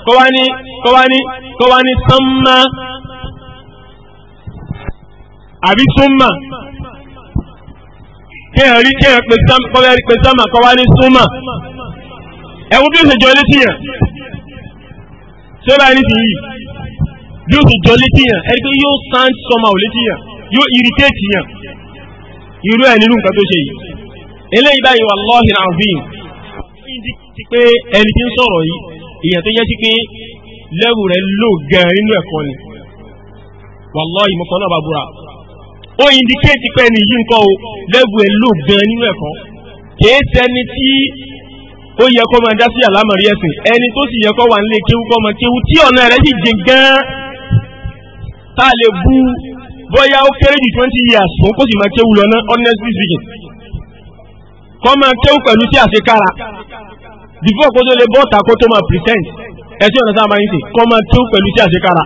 Speaker 1: kọ́wá ní kọ́wá sánmà àbí súnmà kéèyàn rí kéèyàn pè sámà kọ́ wá rí pè sámà kọ́ wá ní súnmà ẹ̀wọ́n bí ó ṣe jọ létí yàn tí ó bá ní ti yìí bí ó ṣe jọ létí yàn ẹni pé yóò sound somehow létí yàn yóò irritate yàn irú ẹ̀ nínú nǹkan tó ṣe yìí eléyìí báyìí wallahi alazim ti pé ẹni tí ń sọ̀rọ̀ yìí èèyàn tó yẹ sí pé lẹ́wù rẹ̀ lò gan nínú ẹ̀kọ́ ni wallahi ìmọ̀kànlá bàbúrà ó indicate pé ẹni yìí nǹkan o lẹ́bù ẹ̀ lò gan nínú ẹ̀kọ́ kìí ṣẹni tí ó yẹ kó máa dá sí àlámọ̀rí ẹ̀sìn ẹni tó sì yẹ kó wà nílé kéwú kó máa kéwú tí ọ̀nà rẹ̀ sì jìn gan tá a lè bu bóyá ó kéré ju twenty years fún kó sì máa kéwú lọ náà honestly speaking kó máa kéwú pẹ̀lú tí a ṣe kára before kó tó lè bọ́ta kó tó máa present ẹtí ọ̀nà sáà máa ń sè kó máa kéwú pẹ̀lú tí a ṣe kára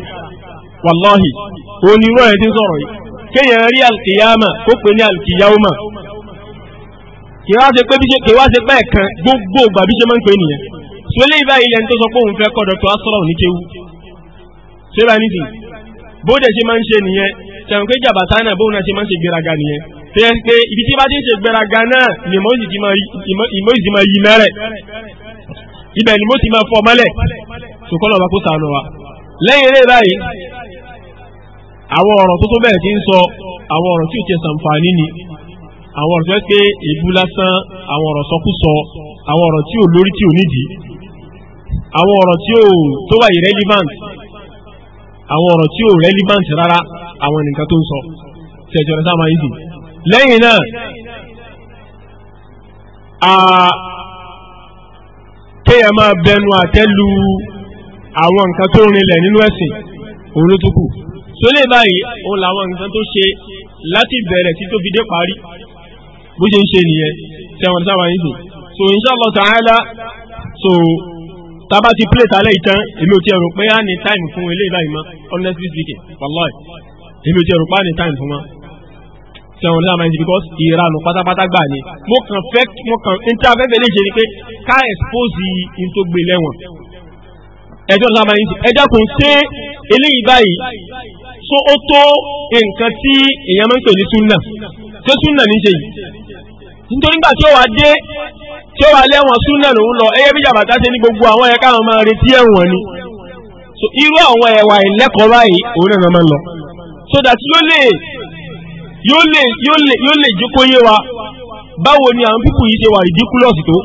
Speaker 1: wàláhì onírọ̀ ẹ̀ ti sọ̀rọ̀ yìí kéèyàn rí alkiyama kó pè ní alkiyauma kì wá ṣe pé kì wá ṣe pé ẹ̀kan gbogbo ògbà bí ṣe máa ń pè nìyẹn sọlẹ́ ìbá ilẹ̀ tó sọ pé òun fẹ́ kọ́ dọ̀tọ̀ asọ́rọ̀ ní kéwú ṣé bá nídìí bóde ṣe máa ń ṣe nìyẹn tẹ̀wọ̀n pé jàbàtà náà bóun náà ṣe máa ń ṣe gbéraga nìyẹn tó yẹ pé ibi tí bá ti ń ṣe gbéraga náà ni ìmọ̀ ìsì máa yí mẹ́rẹ̀ ibẹ̀ ni mo ti máa fọ́ mọ́lẹ̀ ṣùkọ́ lọ́ba kó sànù wa lẹ́yìn eré báyìí àwọn ọ̀rọ̀ tó tó bẹ́ẹ̀ ti ń sọ àwọn ọ̀rọ̀ tí ò ti ṣàǹfààní ni àwọn ọ̀rọ̀ tó yẹ pé èébú lásán àwọn ọ̀rọ̀ sọkúsọ àwọn ọ̀rọ̀ tí ò lórí tí ò nídìí àwọn ọ̀rọ̀ tí ò tó wà irrelevant àwọn ọ̀rọ̀ tí ò relevant rárá àwọn nǹkan tó ń sọ ṣẹjọrẹ sáà máa ń dì lẹ́yìn náà a kéèyàn máa bẹnu àtẹ́lu àwọn nǹkan tó rinlẹ̀ nínú ẹ̀sìn òun ló tó kù tó lè báyìí òun làwọn nǹkan tó ṣe láti bẹ̀rẹ̀ tí tó fi dé parí bó ṣe ń ṣe nìyẹn tẹ̀wọ̀n sáwà yìí sùn so inshallah ta'ala so tába ti plé talẹ́ ìtàn èmi ò ti ẹ̀rù pé á ní táìmù fún ilé ìbáyìí mọ́ honestly speaking wallahi èmi ò ti ẹ̀rù pé á ní táìmù fún mọ́ tẹ̀wọ̀n sáwà yìí because ìranù pátápátá gbà ni mo kàn fẹ́ mo kàn ní tí a fẹ́fẹ́ lè ṣe ni pé ká expose in tó gbé lẹ́wọ̀n ẹjọ́ sáwà yìí ẹjọ́ kò ń ṣe eléyìí báyìí so ó tó nǹkan tí èèyàn máa ń pè ní súnà tó súnà ní ṣe yìí nítorí nígbà tí ó wà dé tí ó wà lẹ́wọ̀n súnà lòun lọ ẹyẹ bí jàbàtà ṣe ní gbogbo àwọn ẹ̀ka àwọn máa retí ẹ̀wọ̀n ni so irú àwọn ẹ̀wà ìlẹ́kọ̀ọ́ báyìí òun náà máa ń lọ so that yóò lè yóò lè yóò lè yóò lè jókòó yé wa báwo ni àwọn pípù yìí ṣe wà ridiculous tó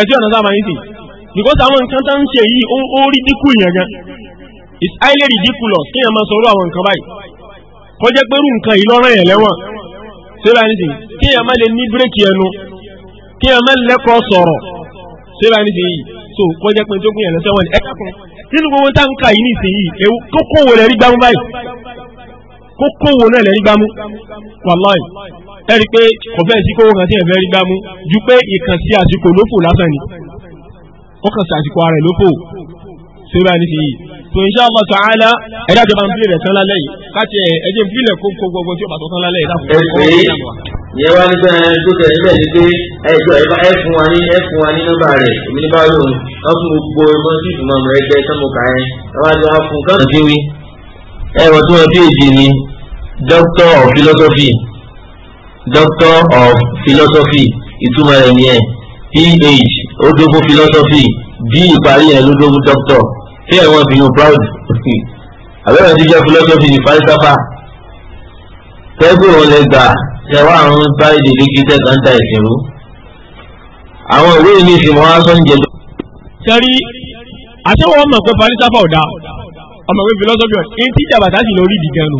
Speaker 1: ẹ̀sìn ọ̀nà sáà máa ń because àwọn nǹkan tá ń ṣe yìí ó rí dínkù yẹn gan it's highly ridiculous kí èèyàn máa sọ̀rọ̀ àwọn nǹkan báyìí kó jẹ́ pé irú nǹkan yìí lọ́rọ̀ yẹn lẹ́wọ̀n síra ní sìn kí èèyàn má lè ní bírèkì ẹnu kí èèyàn má lẹ́kọ̀ọ́ sọ̀rọ̀ síra ní sìn yìí so kó jẹ́ pé tó kún yẹn lọ́sẹ̀ wọn ẹ̀ kàkùn nínú gbogbo tá ń kà yìí ní ìsìn yìí ewu kókó wo lẹ́rí gbámú báyìí kókó wo náà lẹ́rí gbámú wàláì ẹ rí i pé kò fẹ́ sí kówó kan tí ẹ̀ fẹ́ rí gbámú ju pé ìkànsí àsìkò lófò lásán ni ó kàn sí àsìkò ara ẹ̀ lófò síra ní sìn yìí so insha Allah ta'ala ẹ̀dá jọba ń bí rẹ̀ lálẹ́ yìí káti ẹ̀ ẹ̀jẹ̀ ń bí rẹ̀ gbogbo tí ó bá tó tán lálẹ́ yìí dákun. ẹsẹ̀ yìí
Speaker 2: yẹ wá nígbà ẹ̀ẹ́dọ́gbẹ̀
Speaker 1: níbẹ̀ ni pé ẹ̀jọ̀ ẹ fún wa ní ẹ fún wa ní nọ́mbà rẹ̀ èmi ní báyìí òun wọ́n fún gbogbo ẹgbẹ́ sí ìfúnmọ́ ọmọ ẹgbẹ́ sọ́mọkà yẹn wọ́n á fún kánà tí wí. ẹ̀rọ tí wọ́n PhD ni doctor of philosophy doctor of philosophy ìtumọ̀ rẹ̀ nìyẹn ph ó philosophy B. ìparí ẹ̀ ló doctor Here ẹ̀ wọ́n fi yún proud àbẹ̀rẹ̀ ti jẹ́ philosophy ní falsafa tẹ́gbẹ́ òun lè gbà tẹ̀wá àrùn táyì dìrígì tẹ̀gbọ́n ta ìṣòro àwọn ìwé ìní ìfìmọ̀ wá sọ ń jẹ. sẹ́rí àṣẹwọ̀ ọmọ pé falsafa ọ̀dà ọmọ pé philosophy ọ̀dà èyí tí jàbàtà sì lórí ìdí gan nù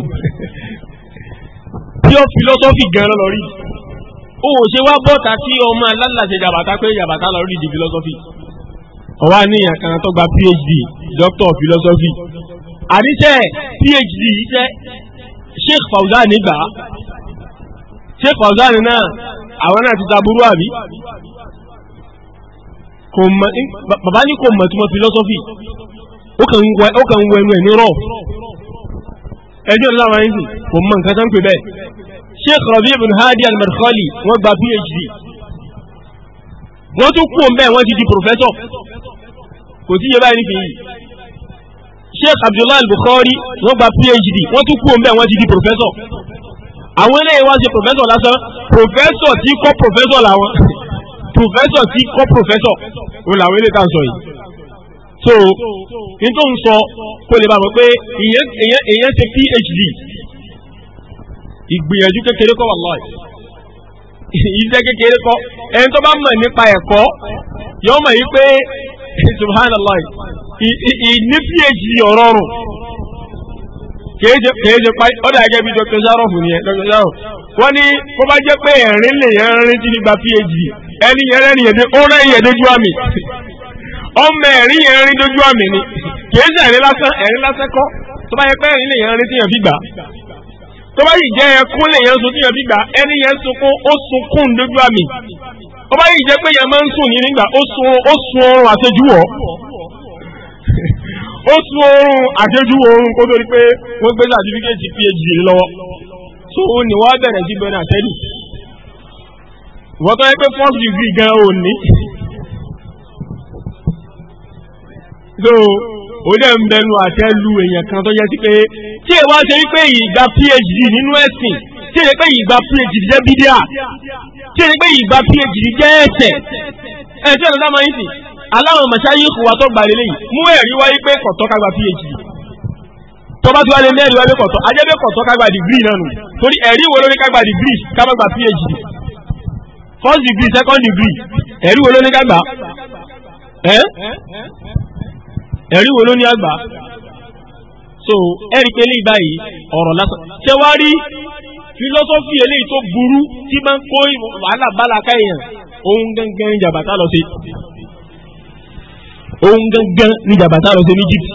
Speaker 1: pure philosophy gan lọ lórí òun ṣe wá bọ́ta tí ọmọ alálàṣẹ jàbàtà pé jàbàtà lọ rí ìdí philosophy ọwọ́ àníyàn kan tó gba phd doctor of philosophy àníṣe phd yìí jẹ́ sheikh fauzan nígbà sheikh fauzan náà àwọn náà ti taburú àbí bàbá ní kò mọ̀ tí wọ́n philosophy ó kàn ń wọ ẹnu ẹ̀ ní rọ̀ ẹjọ́ láwọn ẹ̀yìn sì kò mọ̀ nǹkan tán pè bẹ́ẹ̀ sheikh rabi ibn hadi al-madkhali wọ́n gba phd wọ́n tún kú òun bẹ́ẹ̀ wọ́n ti di professor kò sí iye báyìí nífi yìí sheikh abdullahi al-bukhari wọ́n gba phd wọ́n tún kú òun bẹ́ẹ̀ wọ́n ti di professor àwọn eléyìí wá ṣe professor lásán professor tí kọ́ professor làwọn professor tí kọ́ professor òun làwọn eléyìí tá à ń sọ yìí so n tó ń sọ kó lè bá mọ̀ pé èèyàn ṣe phd ìgbìyànjú kékeré kọ́ wallahi iṣẹ́ kékeré kọ́ ẹni tó bá mọ̀ nípa ẹ̀kọ́ yọ mọ̀ yìí pé subhanallah ìní phd ọ̀rọ̀ rùn kìí ṣe pa ọ́dà gẹ́gẹ́ bí dr sharof ni ẹ dr sharof wọ́n ní kó bá jẹ́ pé ẹ̀rín lè yẹn rìn tí nígbà phd ẹni yẹn rẹ́rìn yẹn dé ó rẹ́rìn yẹn dójú àmì ọmọ ẹ̀rín yẹn rìn dójú àmì ni kìí ṣe ẹ̀rín lásán ẹ̀rín lásán kọ́ tó bá yẹ pé ẹ̀rín lè yẹn rìn tí yẹn fi gbà tó bá yìí jẹ́ ẹkún lè yẹn sun tí yẹn fi gbà ẹni yẹn sunkún ó sunkún dójú àmì tó bá yìí jẹ́ pé yẹn máa ń sùn ní nígbà ó sun oorun àṣejú wọ̀ ó sun oorun àṣejú oorun kó tó pé wọ́n gbé sàtífíkẹ́tì phd lọ́wọ́ so ó ní wọ́n á bẹ̀rẹ̀ sí bẹ̀rẹ̀ àtẹ́lù wọ́n tó yẹ pé first degree gan ò ní so ó dẹ̀ ń bẹnu àtẹ́lù èèyàn kan tó yẹ sí pé tí èèwà ṣe wípé ìgbà phd nínú ẹ̀sìn tí èèyàn pé ìgbà phd jẹ́ bídíà tí ẹni pé ìgbà phd jẹ́ ẹ̀ṣẹ̀ ẹ̀ṣẹ̀ ló dámọ̀ yìí sí aláwọn mọ̀ṣáyé kò wá tó gbà lélẹ̀ yìí mú ẹ̀rí wáyé pé kọ̀tọ́ ká gba phd tó bá ti wá lé mẹ́rin wáyé kọ̀tọ́ ajẹ́ pé kọ̀tọ́ ká gba dìgírì náà nù torí ẹ̀rí wo lórí ká gba dìgírì ká má gba phd first degree second degree ẹ̀rí wo lórí ká gbà ẹ̀rí wo ló ní àgbà so ẹ̀rí pé ní ìgbà yìí ọ̀rọ̀ lásán ṣé wá rí filosofi eléyìí tó burú tí máa ń kó wàhálà bálaka èèyàn ohun gangan ni jàbàtà lọ sí ohun gangan ni jàbàtà lọ sí ní Egypt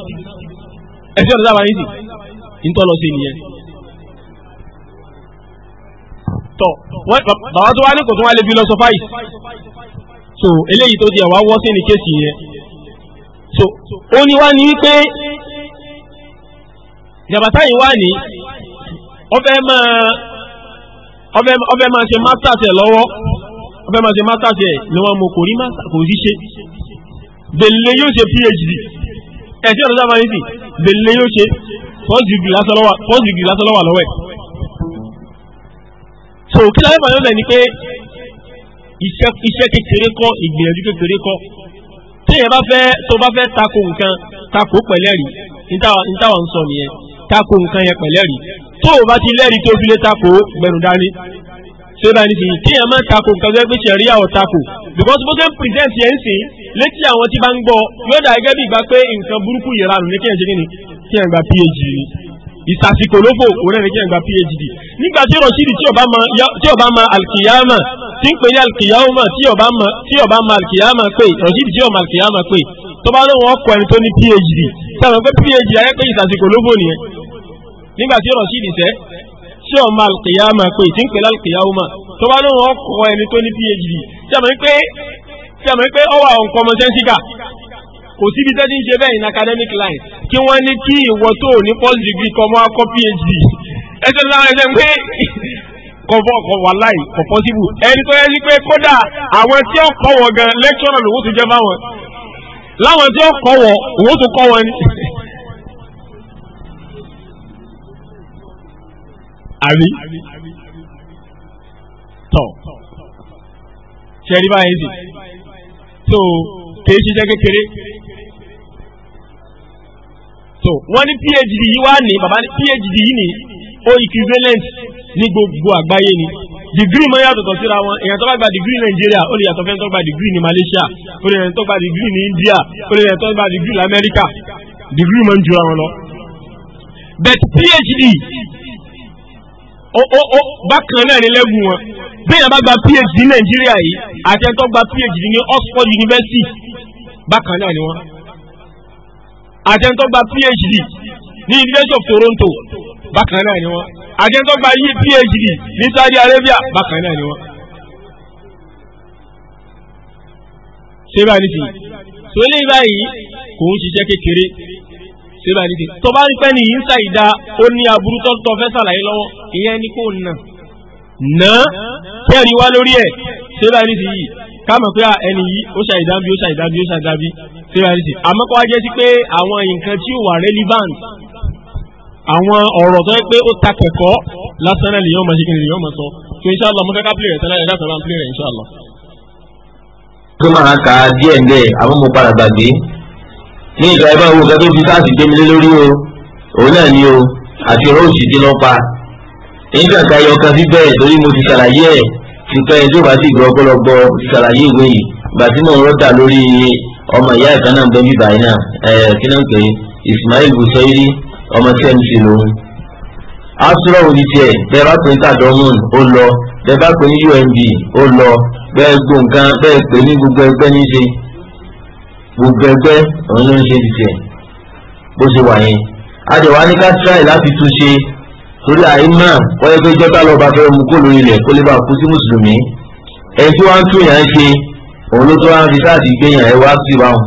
Speaker 1: ẹsẹ ọdún sábà yìí sì ń tọ́ lọ sí nìyẹn. tọ bàbá tó wá ní kò tó wá lè filosofa yìí so eléyìí tó di àwa wọ́ sí ní kéèsì yẹn so ó ní wá ní wípé jàbàtà yìí wá ní ọbẹ̀ máa ọfẹ́ máa ṣe masters ẹ̀ lọ́wọ́ ọfẹ́ máa ṣe masters ẹ̀ ni wọ́n mú kò rí masters kò ṣiṣẹ́ bèlè yóò ṣe phd ẹ̀sìn ọ̀dọ́ sábà yìí sì bèlè yóò ṣe first degree lásán lọ́wọ́ lọ́wọ́ ẹ̀. so kí láyé fàyọ́ bẹ̀ ni pé iṣẹ́ kékeré kọ́ ìgbìyànjú kékeré kọ́ tí èèyàn bá fẹ́ tó bá fẹ́ tako nǹkan tako pẹ̀lẹ́rì ní táwọn ń sọ nìyẹn tako nǹkan yẹn pẹ̀lẹ́rì tó o bá ti lẹ́rìí tó fi lé tako gbẹ̀rù dání ṣé báyìí nìyí kí ẹ máa tako nǹkan tó yẹ pé ṣẹ̀ríà ò tako because bó ṣe ń present yẹn ń sìn létí àwọn tí bá ń gbọ́ yóò dà gẹ́gẹ́ bí ìgbà pé nǹkan burúkú yẹra nù ní kí ẹ ṣe kí kí ẹ gba phd ni ìsàsìkò lóbò òun ẹni kí ẹ gba phd nígbà tí rọṣídì tí ọba ma tí ọba ma alkiyama tí ń pè ní alkiyama tí ọba ma tí alkiyama pé rọṣídì tí ọba alkiyama pé tọ́ba lóun ọkọ ẹni tó ní phd sábà pé phd ayẹ́pẹ́ ìsàsìkò lóbò nìyẹn nígbà tí rọ̀ṣì dìtẹ́ tí ọ̀ máa kìyàmà pé tí ń pè lálùkìyàmà tó bá lóun ọkọ̀ ẹni tó ní phd tí a mọ̀ pé tí a mọ̀ pé ọwọ́ àwọn nǹkan ọmọ sẹ́ńsíkà kò síbi tẹ́tí ń ṣe bẹ́ẹ̀ in academic line kí wọ́n ní kí ìwọ tó ní first degree kọ́ mọ́ akọ́ phd ẹsẹ̀ ló láwọn ẹsẹ̀ ń pé kọ̀fọ́ kọ̀wà láì kọ̀ possible ẹni tó yẹ sí pé kódà àwọn tí ó kọ̀ wọ̀ gan lecturer lòun tó jẹ́ báwọn láwọn tí ó kọ̀ wọ̀ òun tó kọ̀ àrí tọ̀ ṣẹ́rí báyìí sì tó kìí ṣiṣẹ́ kékeré tó wọ́n ní phd yìí wá ní bàbá phd yìí ní ó equivalent ní gbogbo àgbáyé ni degree mọ́ yàtọ̀tọ̀ síra wọn èèyàn tó bá gba dìgírì nàìjíríà ó lè yàtọ̀ fẹ́ni tó gba dìgírì ní malaysia ó lè yàtọ̀ tó gba dìgírì ní india ó lè yàtọ̀ tó gba dìgírì ní amẹ́ríkà dìgírì mọ́ ń jura wọn lọ. but phd bákan náà ní lẹ́gùn wọn bẹ́ẹ̀ bá gba phd ní nàìjíríà yìí àti ẹ̀tọ́ gba phd ní oxford university bákan náà ni wọn àti ẹ̀tọ́ gba phd ní university of toronto bákan náà ni wọn àti ẹ̀tọ́ gba phd ní saudi arabia bákan náà ni wọn. ṣé báyìí nìyí sọlẹ́ báyìí kò ń ṣiṣẹ́ kékeré ṣé bá nídìí tó bá rí pẹ́ ní yín ṣàìdá ó ní aburú tó fẹ́ ṣàlàyé lọ́wọ́ ìyẹn ni kò nà nà kẹ́rì wá lórí ẹ̀ ṣé bá nídìí yìí káàmọ̀ pé ẹni yìí ó ṣàìdá bí ó ṣàìdá bí ó ṣàìdá bí ṣé bá àmọ́ kó wá jẹ́ sí pé àwọn nǹkan tí ó wà relevant àwọn ọ̀rọ̀ tó yẹ pé ó ta kẹ̀kọ́ lásán náà lèyàn máa ṣe kí ni lèyàn máa sọ tó inṣàlá mo kẹ́kẹ́ pílẹ̀ tẹ́lẹ̀ ẹ̀dá tẹ́lẹ̀ pílẹ̀ rẹ̀ inṣàlá. tó máa ka díẹ̀ ń bẹ́ẹ̀ àmọ́ mo padà gbàgbé ní ìgbà ẹ̀bá owó kan tó fi sáàsì gbé mi lé lórí o òun náà ni o àti ọ̀rọ̀ òsì dín ló pa nígbà tá a yọ kan síbẹ̀ torí mo ti ṣàlàyé ẹ̀ ti pẹ́ ẹjọ́ bá sì gbọ́ ọpọlọpọ ti ṣàlàyé ìwé yìí ìgbà tí mò ń rọ́tà lórí ọmọ ìyá ìkan náà bẹ́ẹ̀ bíbá yìí náà ẹ̀ kí náà pé Ismail Busairi ọmọ tmc lòun asúrọ̀ òní tiẹ̀ bẹ́ẹ̀ bá pè ní tàdọ́mùn ó lọ bẹ́ẹ̀ bá pè ní UNB ó lọ bẹ́ẹ̀ gbòǹkan bẹ́ẹ̀ pè ní gbogbo ẹgbẹ́ níṣe gbogbo ẹgbẹ́ òun ló ń ṣe ti tiẹ̀ bó ṣe wà yẹn àjọwà ní ká tíráì láti tún ṣe torí àìmọ̀ wọ́n yẹ pé jọ́tà lọ́ba fẹ́ mú kó lórí ilẹ̀ kó lè bá kú sí mùsùlùmí ẹni tí wọ́n ń tún yàn ṣe òun ló tó wá ń fi sáàtì gbé yàn ẹ wá sí wa hàn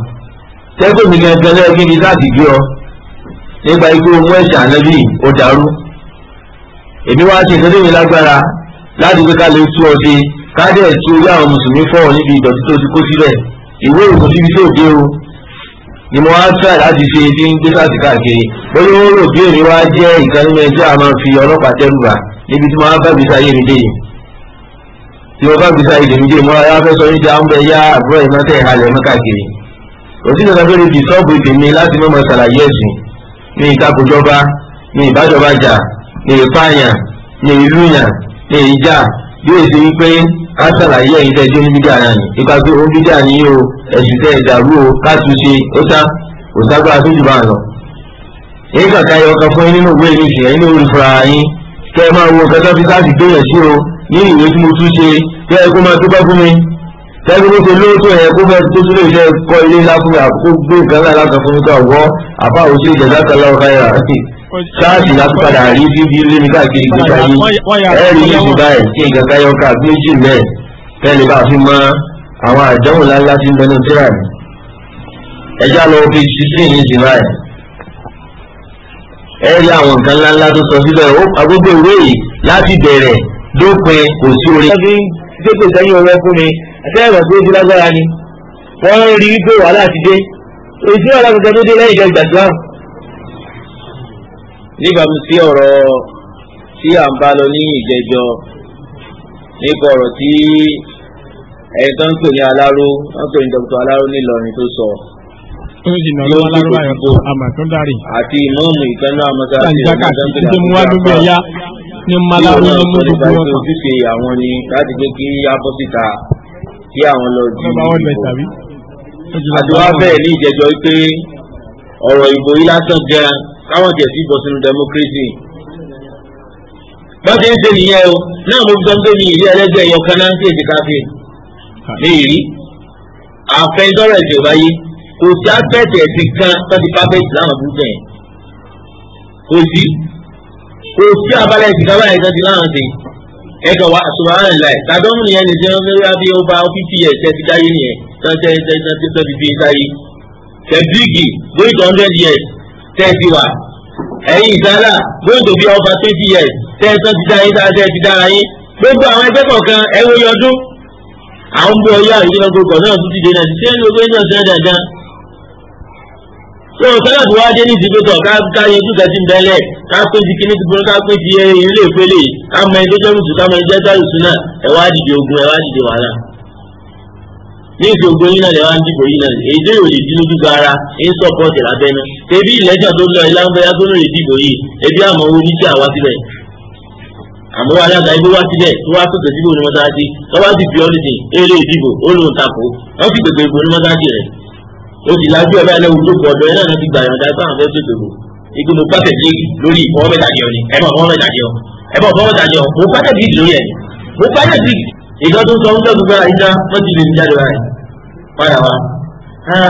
Speaker 1: tẹ́gbẹ́ mi gangan lẹ́yìn kí n fi sáàtì gbé ọ nígbà ikú ohun ẹ̀ṣẹ̀ ànábì ó dàrú èmi wá ṣe ìtọ́jú mi lágbára láti pé ká lè tú ọ sí ká dẹ̀ tú orí àwọn mùsùlùmí fọ́ níbi ìdọ̀tí tó ti kó sílẹ̀ ìwé ìkò síbi tó dé o ni mo wá try láti ṣe bí ń gbé sáàtì káàkiri bóyá ó rò bí èmi wá jẹ́ ìkan nínú ẹjọ́ àmọ́ fi ọlọ́pàá tẹ́lu rà níbi tí mo wá bàbí sáyé mi dé yìí tí mo bàbí sáyé mi dé mo wá fẹ́ sọ níjà ń bẹ yá àbúrò ìmọ̀tẹ́ ìhalẹ̀ mọ́ káàkiri kò sí ìjọba fẹ́rẹ̀ di sọ́ọ̀bù ìtèmi láti mọ̀ mọ̀ ṣàlàyé ẹ̀sìn ní ìtakùjọba ní ìbájọba jà ní ìpáyà ní ìlúyà ní ìjà bí èsì wípé ká ṣàlàyé ẹ̀yin tẹ́jú ní bídíà náà ni ipa pé ó bídíà ní o ẹ̀sìn tẹ́ ìdàrú o kátúnṣe ó sá kò sábà tó jù bá lọ. èyí kàkà yọ ọkàn fún yín nínú ìwé ìlú ìṣẹ̀yìn ní orí fúra yín kẹ́ ẹ máa wo kẹ́kẹ́ fi sáàsì tó yẹ̀ sí o ní ìwé tí mo tún ṣe kẹ́ ẹ kó máa tó bá fún mi kẹ́kẹ́ bó ṣe lóòótọ́ yẹ kó fẹ́ tó tún lè fẹ́ kọ́ ilé láfún mi àkókò gbé ìkànnì alákan fún mi tó àwọ̀ àbáwò sí ìjẹ̀dá kan láwọ̀ káyà ṣáàṣì láti padà rí fídíò lé nígbà kiri gbogbo ayé ẹ̀rí yìí báyìí sí ìgbàgbá yọkà méjì mẹ́ẹ̀ tẹ́lẹ̀ bá fi mọ àwọn àdánwò ńláńlá tí ń bẹnu tíra ní ẹjá lọ fi sísìn yìí sí báyìí ẹ̀rí àwọn nǹkan ńláńlá tó sọ síbẹ̀ ó agbègbè ìwé yìí láti bẹ̀rẹ̀ dópin kò sí orí. dípò sẹ́yìn ọ̀rẹ́ fún mi àtẹ́rẹ̀ tó ti lágbára ni wọ́n rí wípé wàhálà ti dé òṣìṣẹ́ alákòókò tó dé lẹ́yìn ìjọba ìgbàsílámù níbàámu sí ọ̀rọ̀ tí à ń bá lọ ní ìjẹjọ nípa ọ̀rọ̀ tí ẹni tó ń pè ní aláró wọ́n pè ní dr aláró nílọrin tó sọ. tó sì nà lọ́wọ́ aláró ayọ̀ àmàtúndárì. àti ìmọ̀ọ́mù ìkànnà àmọ́sára ti rẹ̀ nígbà tó ń pè ní ní malawi ní ọmọ gbogbo ọkọ. ojúṣe àwọn ni láti pé kí abọ́síta kí àwọn lọ di ìbò. àdúrà bẹ́ẹ̀ ní ìjẹjọ́ pé ọ̀rọ̀ ìbò yìí lásán gan-an káwọn jẹ̀ sí bọ̀ sínú democracy. bá ti ń ṣe nìyẹn o náà mo sọ pé mi ìrí ẹlẹ́gbẹ́ ẹ̀yọ kan náà ń tètè káfí mi ìrí àfẹnudọ́rọ̀ ẹ̀sìn ò bá yé kò sí aspect ẹ̀sìn kan tó ti perfect láwọn àbúrò yẹn kò sí kò sí abalẹ̀ ẹ̀sìn kan báyìí tó ti láwọn ṣe ẹ̀kọ́ wa ṣùgbọ́n láì tàbí nìyẹn ní sẹ́yìn ọ̀sẹ̀ wíwá bí ó bá fífi ẹ̀sẹ̀ ti dáyé nìyẹn tó ń tẹ́ tẹ́ tẹ́ tẹ́ fi fi ń dáyé tẹ̀bíìgì lórí two hundred years tẹ́ẹ̀tì one ẹ̀yin ìsálà going to be over twenty years tẹ́ẹ̀sán ti dára yín dáadáa ti dára yín gbogbo àwọn ẹgbẹ́ kọ̀ọ̀kan ẹ wo yọ ọdún àwọn bí ọyá ìdílé gbogbo náà tún ti dé náà ṣiṣẹ́ ní ogún náà sẹ́yìn dandan tó sálà tó wá dé ní ìdìbòtò ká yẹ ojú gàdí ìdálẹ̀ ká pé ti kíní ti bọ́lá ká pé ti eh, ilé ìfẹ́lẹ̀ ká mọ ẹni tó jẹ́ mùsùlùmí ká mọ ẹni tó jẹ́ dáhùn sùn náà ẹ wá dìde ogun ẹ dìde wàhálà ní ìfi ògbó yín náà lè wá ń dìbò yín náà èyí tó yóò lè dín lójú gara ń sọpọ́ọ̀tì lábẹ́nu tẹ̀bí ìlẹ́jọ́ tó lọ ìlànà tó lè dìbò yìí ebi àmọ́ owó ní kí àwa síbẹ̀ àmọ́ alága ibi wá síbẹ̀ tó wá pèpè síbò ní mọ́sáájì tó wá sì fi ọ́ nìsín eré ìdìbò ó lóun takò wọ́n sì pèpè ìbò ní mọ́sáájì rẹ̀ ó sì lájú ọ̀bá ẹlẹ́wù tó pọ̀ ọ̀dọ̀ ẹ̀rọ náà ti gbà yọ̀ǹda ẹ̀fọ́ àwọn fẹ́ẹ́ pèpè ìgbìmọ̀ mo pàtẹ́ sí lórí ìfọwọ́mẹ́tàdíọ́ ni ẹ̀mọ̀ ìfọwọ́mẹ́tàdíọ́ ẹ̀mọ̀ ìfọwọ́mẹ́tàdíọ́ mo pàtẹ́ sí lórí ẹ̀ mo pàtẹ́ sí ìgbà tó sọ ń dẹ̀kú pé àyíká ah, wọ́n ti lè jáde ráyè padà wá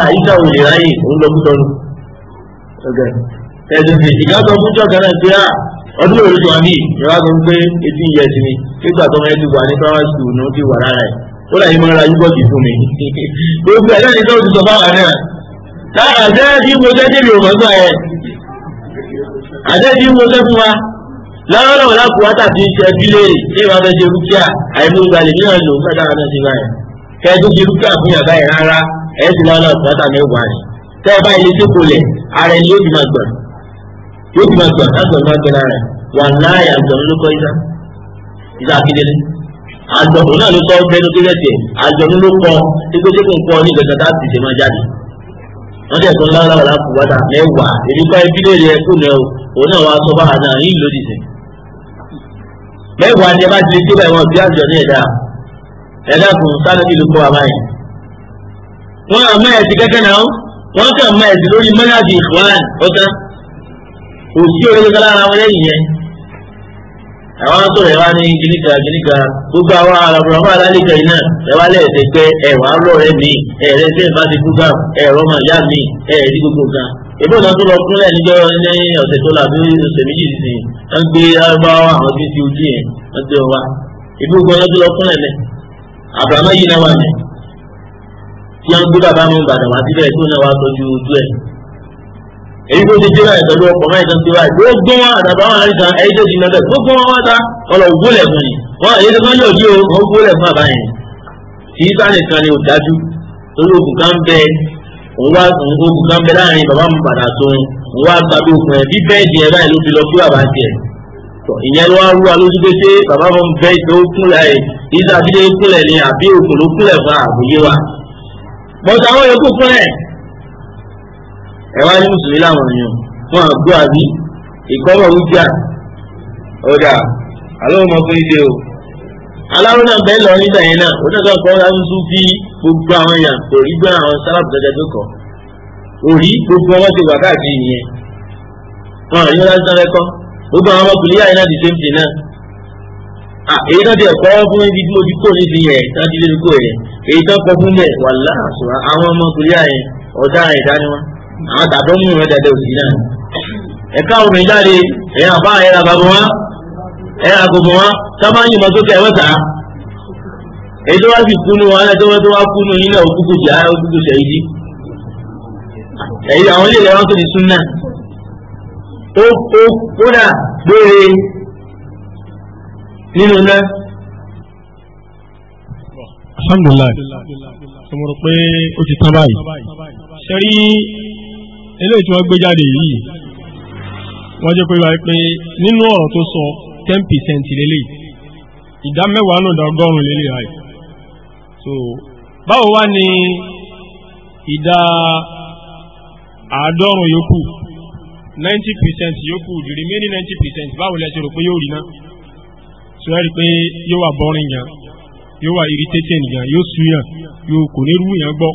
Speaker 1: àyíká ah, ò lè ráyè òun lọ fún tọ́lu ẹ̀sìn sì ìgbà tó fún jọ̀gá náà pé ọdún òru tó wà ní ìrora tó ń pé etí ìyẹ́ sí mi nígbà tó máa ń dùgbà ní primary school ní ó ti wà lára ẹ̀ ó láyé máa ra yúgọ̀ sí fún mi gbogbo ẹ̀ lẹ́yìn tó ti sọ fáwọn náà táà àjẹ́ tí mo jẹ́ débi òmọ́gbà lọ́rọ̀ náà lápò wátàbí ṣe bílẹ̀ ní ìwà fẹ́ṣe rúkìá àìmúgbàlè ní ọ̀nà mẹ́tàlá náà ti báyìí kẹ́ẹ̀dún ṣe rúkìá fún yàrá yìí rárá ẹ̀ sì lọ́rọ̀ náà wátà mẹ́wàá rẹ̀ tẹ́ ẹ bá ilé tó kolẹ̀ ara ẹni yóò ti máa gbọ̀n yóò ti máa gbọ̀n láti ọ̀nà àgbẹ̀ náà rẹ̀ wà láàyè àgbọ̀n ló kọ́ ìdá ìdá akíndélé àgbọ̀n náà ló sọ fẹ́nu kílẹ̀tì àgbọ̀n ló kọ́ ikóṣekùn kọ́ ní ìgbẹ̀kan tá a ti ṣe máa jáde wọ́n jẹ́ tó ńlá ńlá wà lápò wátà mẹ́wàá èmi kọ́ ẹbí lè rí ẹkùn náà òun náà wàá sọ báwa náà yìí lòdì sí i mẹ́wàá ni ẹ bá ti lè dé báyìí wọn bí àjọ ní ẹ̀dá ẹ̀dá kùn sáré ìlú kọ́ àbá yẹn. wọ́n á mẹ́ ẹ̀sìn kẹ́kẹ́ náà wọ́n kàn mẹ́ ẹ̀sìn lórí mẹ́láàdì ìwárán ọ̀tá kò sí orí kankan lára wọn lẹ́yìn yẹn. àwọn sọ̀rọ̀ ẹ̀ wá ní gíníkà gíníkà gbogbo àwọn àràbùràmọ́ alálẹ́kẹ̀ iná ẹ̀ wá lẹ́ẹ̀sẹ̀ pé ẹ̀wà lọ́rẹ̀ mi ẹ̀rẹ́ ìbò náà tó lọ kúnlẹ̀ níjọ́ ní ọ̀sẹ̀ tó là bí ọ̀sẹ̀ méjì sí wọ́n gbé arúgbáwá àwọn tí ń ti ojú yẹn wọ́n gbé wa ìbò gbọ́n náà tó lọ kúnlẹ̀ lẹ̀ àbàmá yìí náà wà ní tí wọ́n gbé bàbá mi bàdàn wá síbẹ̀ tó náà wá tọ́jú ojú ẹ̀ èyí tó ti dé báyìí pẹ̀lú ọkọ̀ máa ìtàn tiwa gbogbo wọn àtàbà wọn àríta ẹyí tó ti nà bẹ́ẹ̀ gbogbo wọn wáta ọlọ ògbólẹ̀ fún yìí wọn èyí tó máa ń lò dí o wọn gbólẹ̀ fún àbáyẹn kì í sáré kan ni ò dájú òun wá ogun kan bẹ láàrin bàbá mi padà tó ń wá gbàgbé òkun ẹ bí bẹ́ẹ̀ di ẹ báyìí ló fi lọ kí bàbá tiẹ̀ tọ ìyẹn ló wá rú wa lójú pé ṣé bàbá mi bẹ́ ìṣe ó kúnlẹ̀ ẹ ìṣe àbílẹ̀ kúnlẹ̀ ni àbí òkun ló kúnlẹ̀ fún àbúyé wa bọ́sà àwọn yòókù kúnlẹ̀ ẹ wá ní mùsùlùmí làwọn èèyàn wọn àgbọ̀ àbí ìkọ́mọ̀ wíjà ọ̀dà àlọ́ ọmọ fún ìṣe o aláwọ̀ náà bẹ́ẹ̀ lọ nígbà yẹn náà gbogbo àwọn èèyàn kò rí gbé àwọn sálàbù gẹ́gẹ́ tó kọ̀ òrí gbogbo wọn ti wà káàkiri nìyẹn wọn àyè wọn sáré kọ́ gbogbo àwọn ọmọkùnrin yàrá náà di same thing náà èyí náà ti ẹ̀kọ́ fún ibi tí mo ti kó ní ti yẹn tá ti lè kó yẹn èyí tó kọ fún bẹ́ẹ̀ wà láàṣọ àwọn ọmọkùnrin yàrá yẹn ọ̀daràn ẹ̀dá ni wọn àwọn tàbí mú wọn dẹ̀dẹ̀ òsì náà ẹ̀ka òmìn jáde ẹ̀yà àbá ẹ̀yà bàbá wọn ẹ̀yà àgùnbọ̀n wọn tá èyí tó wá sì kúnú wọn náà tó wọ́n tó wá kúnú yín náà òkúkú jà á òkúkú ṣẹ̀yí ẹ̀yìn àwọn ilé ìlẹ́wọ́n tó ti sún náà ó ó kódà gbére nínú náà. alhamdulilayi ṣe mo rò pé ó ti tán báyìí ṣe rí eléyìí tí wọ́n gbé jáde yìí wọ́n jẹ́ pé wáyé pé nínú ọ̀rọ̀ tó sọ ten percent lélẹ̀ ìdá mẹ́wàá náà dá ọgọ́rùn-ún lélẹ̀ báyìí so báwo wá ní ìdá àádọ́rùn yòókù 90% yòókù the remaining 90% báwo lẹ ṣe rò pé yóò rí náà so ẹ rí pé yóò wà bọ́rin yàn yóò wà irritating yàn yóò sú yàn yóò kò ní rú yàn gbọ́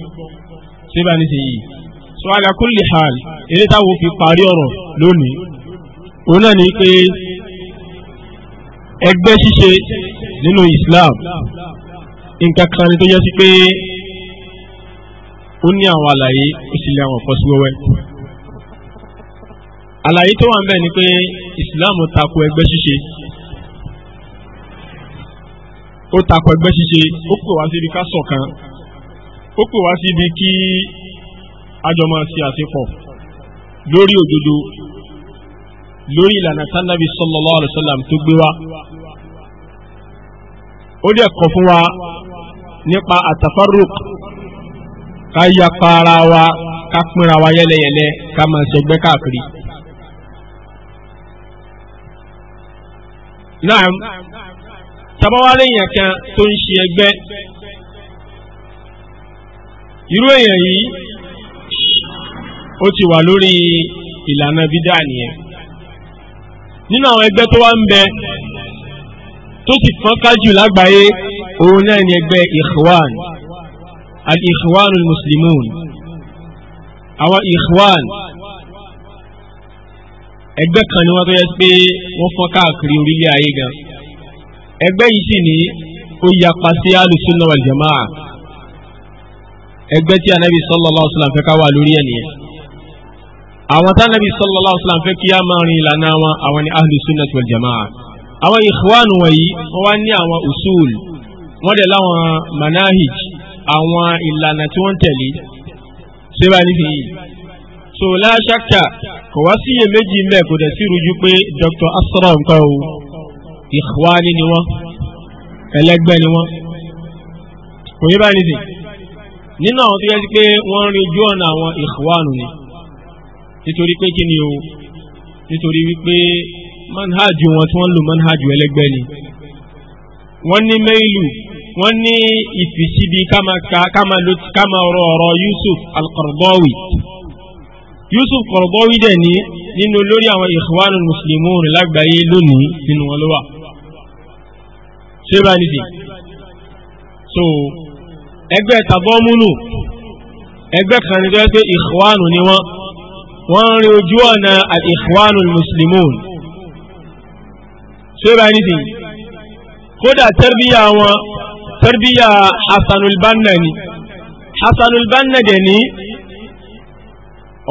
Speaker 1: ṣé bá ní ṣe yìí so ala kulli hal eré táwọn fi parí ọ̀rọ̀ lónìí òun náà ni pé ẹgbẹ́ ṣíṣe
Speaker 2: nínú Islam
Speaker 1: nǹkan kan ni tó yẹ sí pé ó ní àwọn àlàyé ó sì lé àwọn ọ̀pọ̀ sí wẹ́wẹ́. àlàyé tó wà ń bẹ̀ ni pé ìsìláàmù tako ẹgbẹ́ ṣíṣe ó tako ẹgbẹ́ ṣíṣe ó pè wá síbi ká ṣọ̀kan ó pè wá síbi kí àjọ máa ṣe àṣepọ̀ lórí òdodo lórí ìlànà tánàbí sallallahu alaihi wasallam tó gbé wá ó dẹ̀ kọ̀ fún wa nípa àtàfárùk ká yapa ara wa ká pínra wa yẹlẹyẹlẹ ká máa ṣẹgbẹ́ káàkiri. naam tabawale yẹn kan tó ń ṣe ẹgbẹ́ irú èèyàn yìí ó ti wà lórí ìlànà bídà nìyẹn nínú àwọn ẹgbẹ́ tó wá ń bẹ tó ti fọ́nká jù lágbàáyé òun náà ni ẹgbẹ́ ikhwan al-ikhwan al-muslimun àwọn ikhwan ẹgbẹ́ kan ni wọ́n tó yẹ pé wọ́n fọ́n káàkiri orílẹ̀ ayé gan ẹgbẹ́ yìí sì ní ó yapa sí alùsùnà wal jamaa ẹgbẹ́ tí anabi sallallahu alaihi wasallam fẹ́ ká wà lórí ẹ̀ nìyẹn àwọn tí anabi sallallahu alaihi wasallam fẹ́ kí á máa rin ìlànà wọn àwọn ni alùsùnà wal jamaa àwọn ikhwan wọ̀nyí wọ́n wá ní àwọn usul wọ́n dẹ̀ láwọn manahij àwọn ìlànà tí wọ́n tẹ̀lé ṣé bá nífi yìí so láṣáka kò wá síyè méjì mẹ́ kò dẹ̀ sí rújú pé Dr. Asra nǹkan o ikhwani ni wọ́n ẹlẹ́gbẹ́ ni wọ́n kò yé bá nífi nínú àwọn tó yẹ sí pé wọ́n rí ojú ọ̀nà àwọn ikhwanu ni nítorí pé kí ni o nítorí wípé manhajù wọn tí wọ́n lò manhajù ẹlẹ́gbẹ́ ni wọ́n ní mẹ́ìlù wọ́n ní ìfìsíbi káma ọ̀rọ̀ ọ̀rọ̀ Yusuf al-Qaradawi Yusuf al-Qaradawi dẹ̀ ní nínú lórí àwọn Ikhwanul Muslimun lágbàáyé lónìí nínú wọn ló wà ṣé bá nìdí so ẹgbẹ́ tàbọ́múnù ẹgbẹ́ kan ní pé Ikhwanu ni wọ́n wọ́n rí ojú ọ̀nà al-Ikhwanul Muslimun ṣé bá nìdí kódà tẹ́rbíyà wọn tarbiyya Hassanul Banna ni Hassanul Banna dẹ̀ ní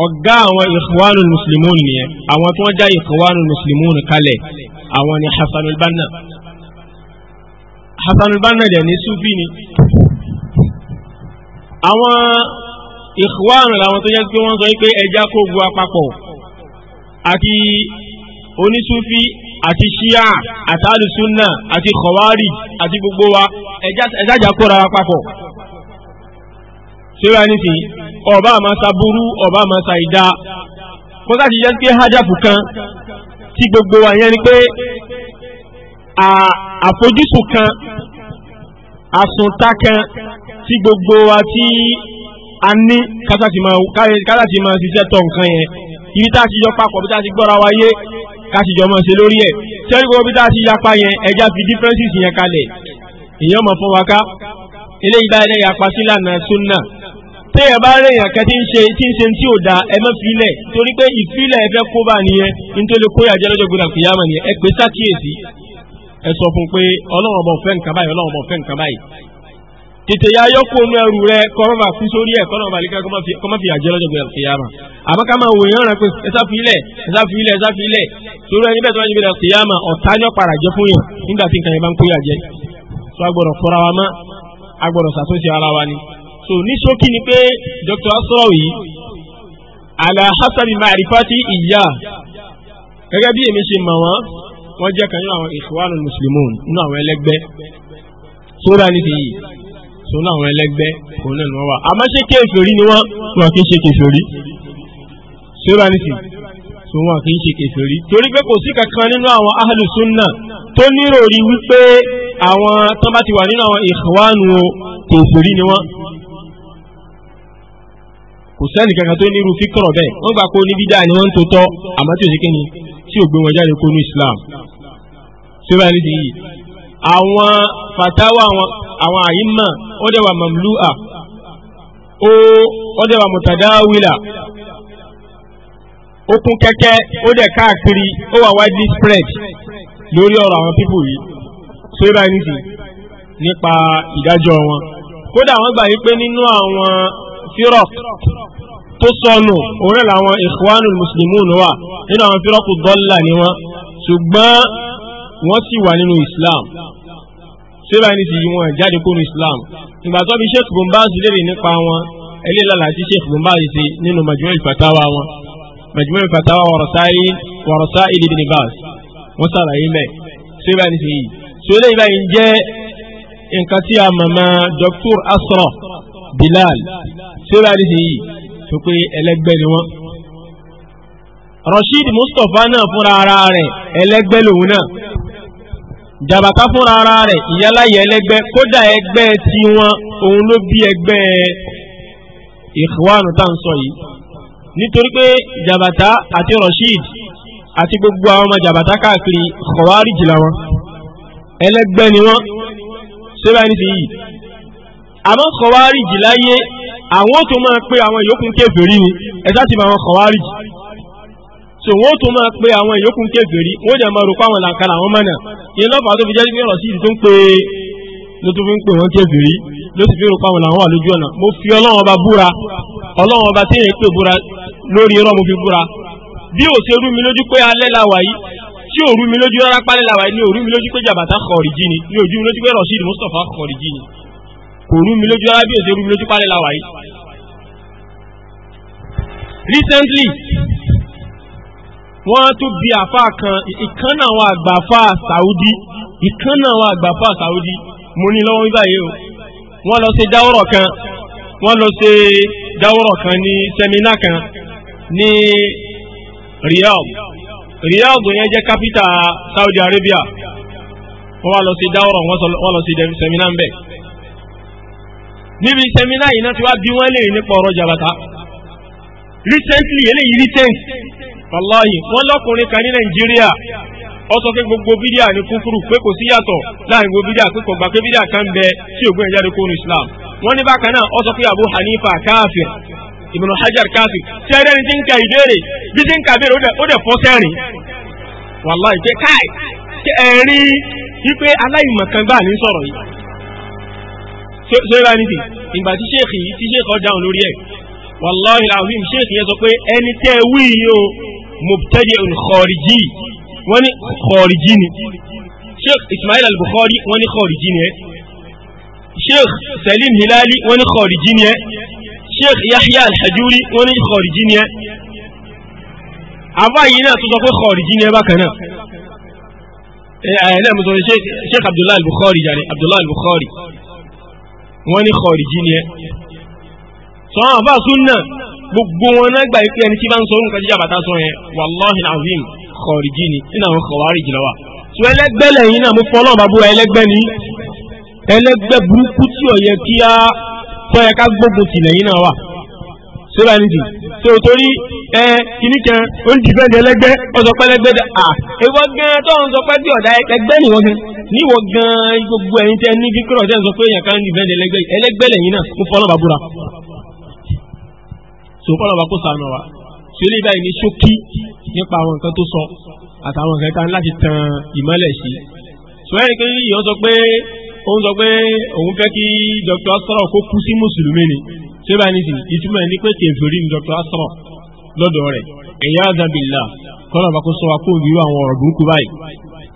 Speaker 1: ọ̀gá àwọn Ikhwanul Muslimun nìyẹn àwọn tí wọ́n já Ikhwanul Muslimun kalẹ̀ àwọn ni Hassanul Banna Hassanul Banna dẹ̀ ní Sufi ni àwọn Ikhwan làwọn tó yẹ kí wọ́n sọ pé ẹja kó gu apapọ̀ àti onísúfí àti ṣíà àti alùsùnà àti kọ̀wárì àti gbogbo wa ẹ̀jájà kóra wa papọ̀ ṣé wà ní sí ọba àmà sa burú ọba àmà sa ìdá kọ́sá ti jẹ́ pé hajjabu kan tí gbogbo wa yẹn ni pé àfojúsùn kan àsùntà kan tí gbogbo wa tí a ní kásá ti máa ṣiṣẹ́ tọ̀ nǹkan yẹn ibi tá a ti yọ papọ̀ bí tá a ti gbọ́ra wa yé kásìjọ mọ̀ ṣe lórí ẹ̀ sẹ́rí gbogbo bí tá a ti yapa yẹn ẹja fi differences yẹn kalẹ̀ èèyàn mọ̀ fún wa ká eléyìí bá ẹ̀dẹ́ yapa sí lànà sunna téèyàn bá rẹ̀ yàn kẹ́tí ń ṣe tí ń ṣe tí ò da ẹ mọ́ filẹ̀ torí pé ìfilẹ̀ ẹ fẹ́ kó bá nìyẹn nítorí kó yàjẹ́ lọ́jọ́ gbọdọ̀ kìí yàmọ̀ nìyẹn ẹ pè sákìyèsí ẹ sọ fún pé ọlọ́run ọba ò báyìí ọlọ́run ọba ò báyìí tètè ya yọkù ọmọ ẹrù rẹ kọ́mọ́bà fi sórí ẹ̀ kọ́nà balika kọ́mọ́ fi àjẹ́ lọ́jọ́ gbẹ̀rẹ̀ kìyàmà àmọ́ ká máa wòye ọ̀rẹ́ pé ẹ̀sà filẹ̀ ẹ̀sà filẹ̀ ẹ̀sà filẹ̀ sórí ẹni bẹ́ẹ̀ tó wájú gbẹ̀rẹ̀ kìyàmà ọ̀tá ní ọ̀pára jẹ́ fún yàn nígbà tí nǹkan yẹn bá ń jẹ́ so agbọ̀dọ̀ fọ́ra wa mọ́ agbọ̀dọ̀ ṣàtúnṣe ara wa ni so ni sọ́nà àwọn ẹlẹ́gbẹ́ òun náà ni wọ́n wà àmọ́ ṣé kèfèrí ni wọ́n wọn kì í ṣe kèfèrí ṣé ó bá ní sí tó wọn kì í ṣe kèfèrí torí pé kò sí kankan nínú àwọn ahlu sunna tó níròrí wípé àwọn tó bá ti wà nínú àwọn ikhwanu kèfèrí ni wọ́n kò sẹ́ni kankan tó nírú fíkọ̀rọ̀ bẹ́ẹ̀ wọ́n gbà pé oníbídà ni wọ́n ń tòótọ́ àmọ́ tí ò ṣe kíni tí ò gbé wọn jáde kó ní Islam ṣé ó bá ní sí àwọn fatawa àwọn àwọn àyímà ó dẹ̀ wà mamlu'a ó ó dẹ̀ wà mutadawila ó kún kẹ́kẹ́ ó dẹ̀ káàkiri ó wà widely spread lórí ọ̀rọ̀ àwọn pípò yìí tó yẹ báyìí nìsí nípa ìdájọ́ wọn kódà wọ́n gbà yí pé nínú àwọn firaq tó sọnù òun làwọn ikhwanul muslimun wà nínú àwọn firaq dọ́là ni wọn ṣùgbọ́n wọ́n sì wà nínú Islam síra ẹni sì yí wọn jáde kúrò Islam ìgbà tó bí Sheikh Bombaz léèrè nípa wọn ẹlẹ́làlá tí Sheikh Bombaz ṣe nínú Majmu' Fatawa wọn Majmu' Fatawa wọ̀rọ̀sá ìdí Ibn Baz wọ́n sàlàyé mẹ́ síra ẹni sì yìí tí ó lè báyìí jẹ́ nǹkan tí a mọ̀mọ́ Dr. Asra Bilal síra ẹni sì yìí tó pé ẹlẹ́gbẹ́ ni wọ́n Rashid Mustapha náà fúnra ara rẹ̀ ẹlẹ́gbẹ́ lòun náà jàbàtà fúnra ara rẹ̀ ìyáláyẹ̀ ẹlẹ́gbẹ́ kódà ẹgbẹ́ tí wọn òun ló bí ẹgbẹ́ ìhùwánu tá à ń sọ yìí nítorí pé jàbàtà àti Rasheed àti gbogbo àwọn ọmọ jàbàtà káàkiri Khawarij làwọn ẹlẹ́gbẹ́ ni wọ́n ṣé báyìí ti yìí àmọ́ Khawarij láyé àwọn tó máa pe àwọn yòókù kèfèrí ni ẹ sá ti mọ àwọn Khawarij so wọ́n tó máa pe àwọn ìyókù kèfèrí wọ́n jẹ́ máa rò páwọn làǹkàrà àwọn mọ́nà ìyẹn lọ́fà tó fi jẹ́ pé sí ìdí tó ń pe ló tó fi ń pè wọ́n kèfèrí ló sì fi rò páwọn làwọn wà lójú ọ̀nà mo fi ọlọ́wọ́n ọba búra ọlọ́wọ́n ọba tí pè búra lórí irọ́ mo fi búra bí ò ṣe rú mi lójú pé alẹ́ la wà tí ò rú mi lójú rárá pálẹ̀ la wà ni ò rú mi lójú pé jàbàtà recently wọ́n tún bi àfa kan ìkànnà àwọn àgbàfà Saudi ìkànnà àwọn àgbàfà Saudi mo ní lọ́wọ́ báyìí o wọ́n lọ ṣe dáwọ́rọ̀ kan wọ́n lọ ṣe dáwọ́rọ̀ kan ní sẹ́mínà kan ní Riyadh Riyadh yẹn jẹ́ kápítà Saudi Arabia wọ́n wá lọ ṣe dáwọ́rọ̀ wọ́n lọ ṣe sẹ́mínà ńbẹ̀ níbi sẹ́mínà yìí náà ti wá bí wọ́n lè nípa ọ̀rọ̀ jàbàtà recently eléyìí recent wàláhì wọ́n lọ́kùnrin kan ní nàìjíríà ó sọ pé gbogbo bídíà ní kúfúrú pé kò sí yàtọ̀ láàrin gbogbo bídíà pé kò gbà pé bídíà kan bẹ tí ògbìn islam wọ́n ní bákan náà ó abu hanifa hajar tí ni ti ń ka ìbéèrè bí ti ń ka béèrè ó dẹ̀ fọ́ sẹ́rìn wàláhì pé káì aláìmọ̀kan ní sọ̀rọ̀ yìí ìgbà ọjà mubtadi'un khariji wọ́n ní khariji ni sheikh ismail al-bukhari wọ́n ní khariji ni ẹ́ sheikh salim hilali wọ́n ní khariji ni ẹ́ sheikh yahya al-hajuri wọ́n ní khariji ni ẹ́ àbá yìí náà tó sọ pé khariji ni ẹ́ bákan náà ẹ̀ẹ́dẹ́ mo sọ sheikh abdullahi al-bukhari jàre abdullahi al-bukhari wọ́n ní khariji ni ẹ́ sọ àwọn àbá sunna gbogbo wọn náà gbà pé ẹni tí bá ń sọ nǹkan jíjà bàtà sọ yẹn wàláhi alazim kọ̀ọ̀rìjì ni nínú àwọn kọ̀wárìjì lọ́wọ́ tó ẹlẹ́gbẹ́ lẹ́yìn náà mo fọ́ ọlọ́run bá búra ẹlẹ́gbẹ́ ni ẹlẹ́gbẹ́ burúkú tí ò yẹ kí á tọ́ yẹ ká gbógun tì lẹ́yìn náà wà sóbá ní jù tó o torí ẹ kìíní kan ó ń dìbẹ́ di ẹlẹ́gbẹ́ ó sọ pé ẹlẹ́gbẹ́ dà à ìwọ gan tó ń sọ pé bí ọ̀dà ẹgbẹ́ nìwọ gan níwọ gan gbogbo ẹ̀yin tẹ ní kíkúrọ̀ tẹ́ ń sọ pé èèyàn kan ń dìbẹ́ di ẹlẹ́gbẹ́ ẹlẹ́gbẹ́ lẹ́yìn náà mo fọ́ ọlọ́run bá búra sòkòlò wa kó sànù wa sọlẹ̀ báyìí ni ṣókí nípa àwọn nǹkan tó sọ àtàwọn nǹkan kan láti tan ìmọ́lẹ̀ sí sọlẹ̀ kí ìyọ́ sọ pé òun sọ pé òun fẹ́ kí Dr. Asra kó kú sí mùsùlùmí ni sọlẹ̀ báyìí nìsín ìtumọ̀ ní pé kèfèrí ni Dr. Asra lọ́dọ̀ rẹ̀ ẹ̀yà àdàbìlà kọ́nà bá kó sọ wa kó rírú àwọn ọ̀rọ̀ burúkú báyìí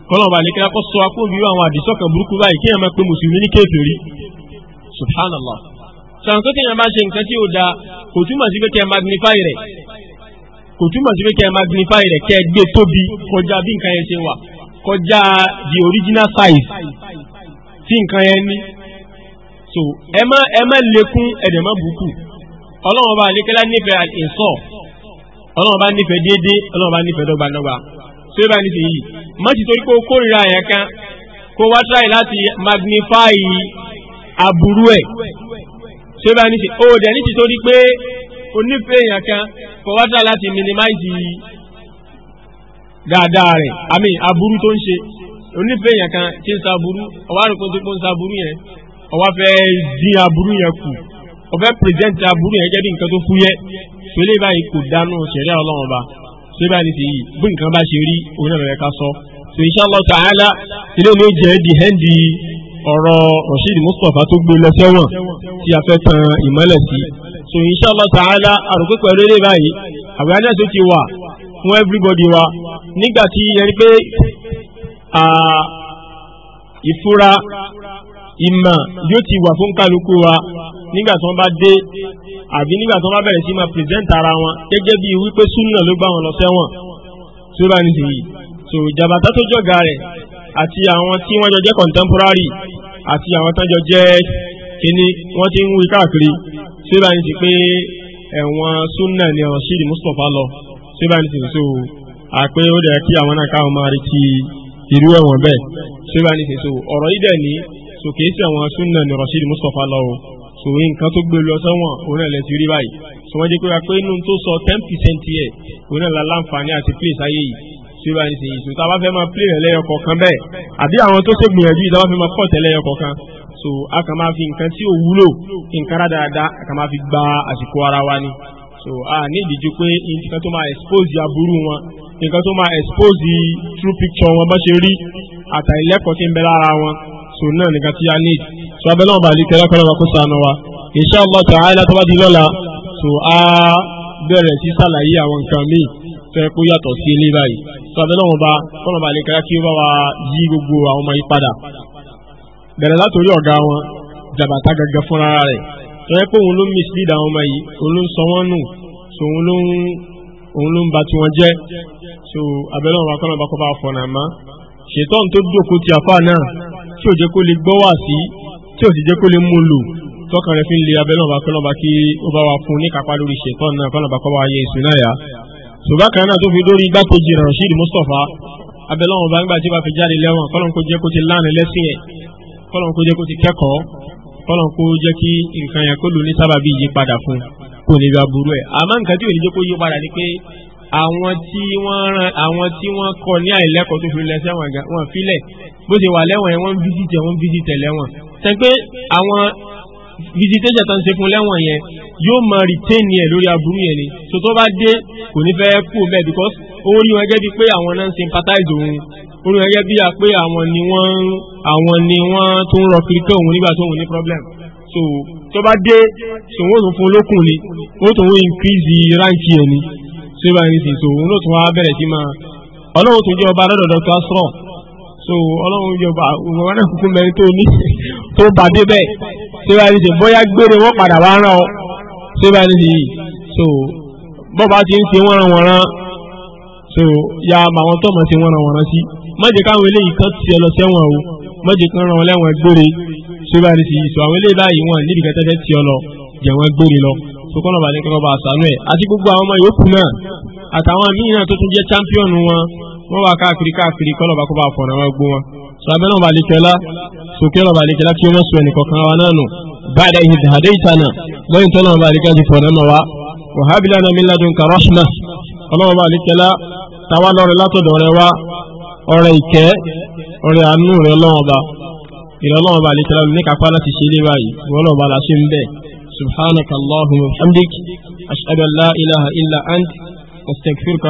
Speaker 1: kọ́nà bá lè kí wọ́n sọ wa kó rírú àwọn àdìsọ́kàn burúkú báyìí kí subhanallah sàǹkó tí yẹn bá ṣe nǹkan tí ó da kò túmọ̀ sí pé kẹ́ ẹ magnify rẹ̀ kò túmọ̀ sí pé kẹ́ magnify rẹ̀ kẹ́ gbé tóbi kọjá bí nǹkan yẹn ṣe wà kọjá the original size tí nǹkan yẹn ní so ẹ má ẹ má lékún ẹ̀dẹ̀ má bùkù ọlọ́run ọba àlékẹ́lá nífẹ̀ẹ́ àìsọ̀ ọlọ́run ọba nífẹ̀ẹ́ déédéé ọlọ́run ọba nífẹ̀ẹ́ dọ́gbadọ́gba so ẹ bá ní ti yìí má ti torí pé o kórìíra yẹn kan kó wá try láti magnify aburú ẹ̀ tí ó bá ní sí ó dẹ̀ ní ti torí pé onífẹ́ èèyàn kan fọwọ́tà láti minimize dáadáa rẹ̀ àmì aburú tó ń ṣe onífẹ́ èèyàn kan tí ń sa aburú ọwá rẹ̀ kóńtó kó ń sa aburú yẹn ọwá fẹ́ dín aburú yẹn kù ọfẹ́ present aburú yẹn jẹ́ bí nǹkan tó fúyẹ́ ṣẹlẹ̀ báyìí kò dánú ṣẹ̀ríà ọlọ́run ọba ṣe bá ní ti yìí bí nǹkan bá ṣe rí òun náà lọ́yẹ ká sọ so inshallah ta'ala ilé mi jẹ́ di ọ̀rọ̀ Rasheed Mustapha tó gbé lọ sẹ́wọ̀n tí a fẹ́ tan ìmọ́lẹ̀ sí so inshallah ta'ala àròpé pẹ̀lú eré báyìí awareness tó ti wà fún everybody wa nígbà tí ẹni pé ìfura ìmọ̀ yóò ti wà fún kálukú wa nígbà tí wọ́n bá dé àbí nígbà tí wọ́n bá bẹ̀rẹ̀ sí máa present ara wọn gẹ́gẹ́ bí wípé súnà ló gbá wọn lọ sẹ́wọ̀n tó bá ní sèyí so ìjàmbá tó jọ̀gá rẹ̀ àti àwọn tí wọ́n jọ jẹ́ contemporary àti àwọn tán jọ jẹ́ kíní wọ́n ti ń wí káàkiri síbà ní ti pé ẹ̀wọ̀n súnà ni Rashid Mustapha lọ síbà ní ti so àpé ó dẹ̀ kí àwọn náà káwọn máa rí ti irú ẹ̀wọ̀n bẹ́ẹ̀ síbà ní ti so ọ̀rọ̀ yìí dẹ̀ ní so kìí sí àwọn súnà ni Rashid Mustapha lọ o so nǹkan tó gbé lọ sẹ́wọ̀n òun ẹ̀lẹ́ ti rí báyìí so wọ́n jẹ́ pé wá pé inú tó sọ ten percent yẹ òun ẹ̀lá láǹfààní àti place ayé yìí ṣé bá ń ṣe èso tá a bá fẹ́ máa play rẹ̀ lẹ́yọ kọ̀ọ̀kan bẹ́ẹ̀ àbí àwọn tó ṣe gbìyànjú yìí tá a bá fẹ́ máa pọ̀tẹ́ lẹ́yọ kọ̀ọ̀kan so a kàn máa fi nǹkan tí ò wúlò nǹkan rádaràda a kàn máa fi gba àsìkò ara wa ni so a ní ìdíjú pé nǹkan tó máa expose aburú wọn nǹkan tó máa expose true picture wọn bá ṣe rí àtàlẹ́kọ̀ọ́ tí ń bẹ lára wọn so náà nìkan tí a need so abẹ́lẹ́ wọn bá lè kẹ́lẹ́ kọ́lọ́ kó sànù wa insha Allah ta'ala tó bá di lọ́la so a bẹ̀rẹ̀ sí sàlàyé àwọn nǹkan míì fẹ́ kó yàtọ̀ sí ilé báyìí tó abẹ́lẹ́ wọn bá kọ́nà bá lè kára kí ó bá wa yí gbogbo àwọn ọmọ yìí padà bẹ̀rẹ̀ látòrí ọ̀gá wọn jàbàtà gẹ́gẹ́ fúnra rẹ̀ tó yẹ pé òun ló mislead àwọn ọmọ yìí òun ló ń sọ wọ́n nù so òun ló ń òun ló ń ba tiwọn jẹ́ so abẹ́lẹ́ wọn bá kọ́nà bá kọ́ bá fọ̀nà àmá ṣètọ́n tó dòkó ti àfà náà tí ò jẹ́ kó lè gbọ́ wà sí tí ò sì jẹ́ kó lè mú lò tọ́kàn rẹ̀ fi ń le abẹ́lẹ́ wọn bá kọ́nà bá kí ó bá wa fún ní kápá lórí ṣètọ́n náà kọ́nà bá kọ́ bá wa yẹ ìsúná yá ṣùgbọ́n kan náà tó fi dórí igbákejì Rashid Mustapha abẹ́lọ́wọ̀n bá ń gbà tí wàá fi jáde lẹ́wọ̀n kọ́lọ́n kó jẹ́ kó ti lánàá lẹ́sìn ẹ̀ kọ́lọ́n kó jẹ́ kó ti kẹ́kọ̀ọ́ kọ́lọ́n kó jẹ́ kí nǹkan yẹn kó lù ní sábàbí ìyípadà fún kò ní bá burú ẹ̀ àmọ́ nǹkan tí ò ní jẹ́ kó yípadà ni pé àwọn tí wọ́n kọ ní àìlẹ́kọ̀ọ́ tó fi lẹ́sẹ̀ wọn filẹ̀ bó ṣe wà lẹ́wọ̀n yẹn wọ́n ń fíjìtẹ̀ wọ́n ń fíjìtẹ̀ lẹ́wọ̀n tẹ́ pé àwọn visitation tó ń ṣe fún lẹ́wọ̀n yẹn yóò máa retain yẹn lórí aburú yẹn ni so tó bá dé kò ní fẹ́ kú bẹ́ẹ̀ because ó rí wọn gẹ́gẹ́ bí pé àwọn náà ń sympathize òun ó rí wọn gẹ́gẹ́ bí pé àwọn ni wọ́n àwọn ni wọ́n tó ń rọ kiri pé òun nígbà tó òun ní problem so tó bá dé so wọ́n tún fún olókùn ni ó tún wọ́n increase rank yẹn ni so ìbá yẹn sì so òun náà tún wá bẹ̀rẹ̀ sí máa ọlọ́run tún jẹ́ ọba lọ́dọ̀ Dr. Asraw so ọlọ́run jẹ́ ọba òun náà kúkú mẹ́rin tó ní tó bàdé bẹ́ẹ̀ ṣé bá ní ṣe bóyá gbére wọ́n padà wá rán ọ ṣé ní ṣe so bọ́ba ti ń ṣe wọ́n so ya mà wọn tọ́mọ̀ ṣe wọ́n ran wọ́n rán sí mọ̀jẹ̀ káwọn eléyìí kan ti ẹ lọ sẹ́wọ̀n o mọ̀jẹ̀ kan ran wọn lẹ́wọ̀n gbére ṣé ní ṣe so àwọn eléyìí báyìí wọn níbi kẹtẹ́ fẹ́ ti ọ lọ jẹ̀ wọ́n gbére lọ so kọ́nà bàjẹ́ kọ́kọ́ bá àṣàánú ẹ̀ àti gbogbo àwọn ọmọ yòókù náà àtàwọn míì náà tó tún jẹ́ champion wọn wọ́n wà káàkiri káàkiri kọ́nà bá kó bá fọ̀nà wọn gbó wọn sọ́bẹ̀rẹ̀ ọba àlekẹ́lá sókè ọba àlekẹ́lá kí wọ́n sọ ẹnìkọ̀kan wa náà nù báyìí dáhìí dàdé ìtànà lẹ́yìn tọ́lọ́ ọba àlekẹ́lá ti fọ̀nà mọ́ wa wàhábì lánàá mi ládùn ká rọ́ṣùnà ọlọ́wọ́ ọba táwa lọ́rẹ̀ látọ̀dọ̀ rẹ wa ọ̀rẹ́ ìkẹ́ ọ̀rẹ́ àánú rẹ lọ́wọ́ba ìrọ̀lọ́wọ́ ọba ní kápá láti ṣe lé báyìí wọ́lọ́wọ́ aláṣẹ ń bẹ̀ subhanaka allahumma hamdik ashhadu an ilaha illa ant
Speaker 2: astaghfiruka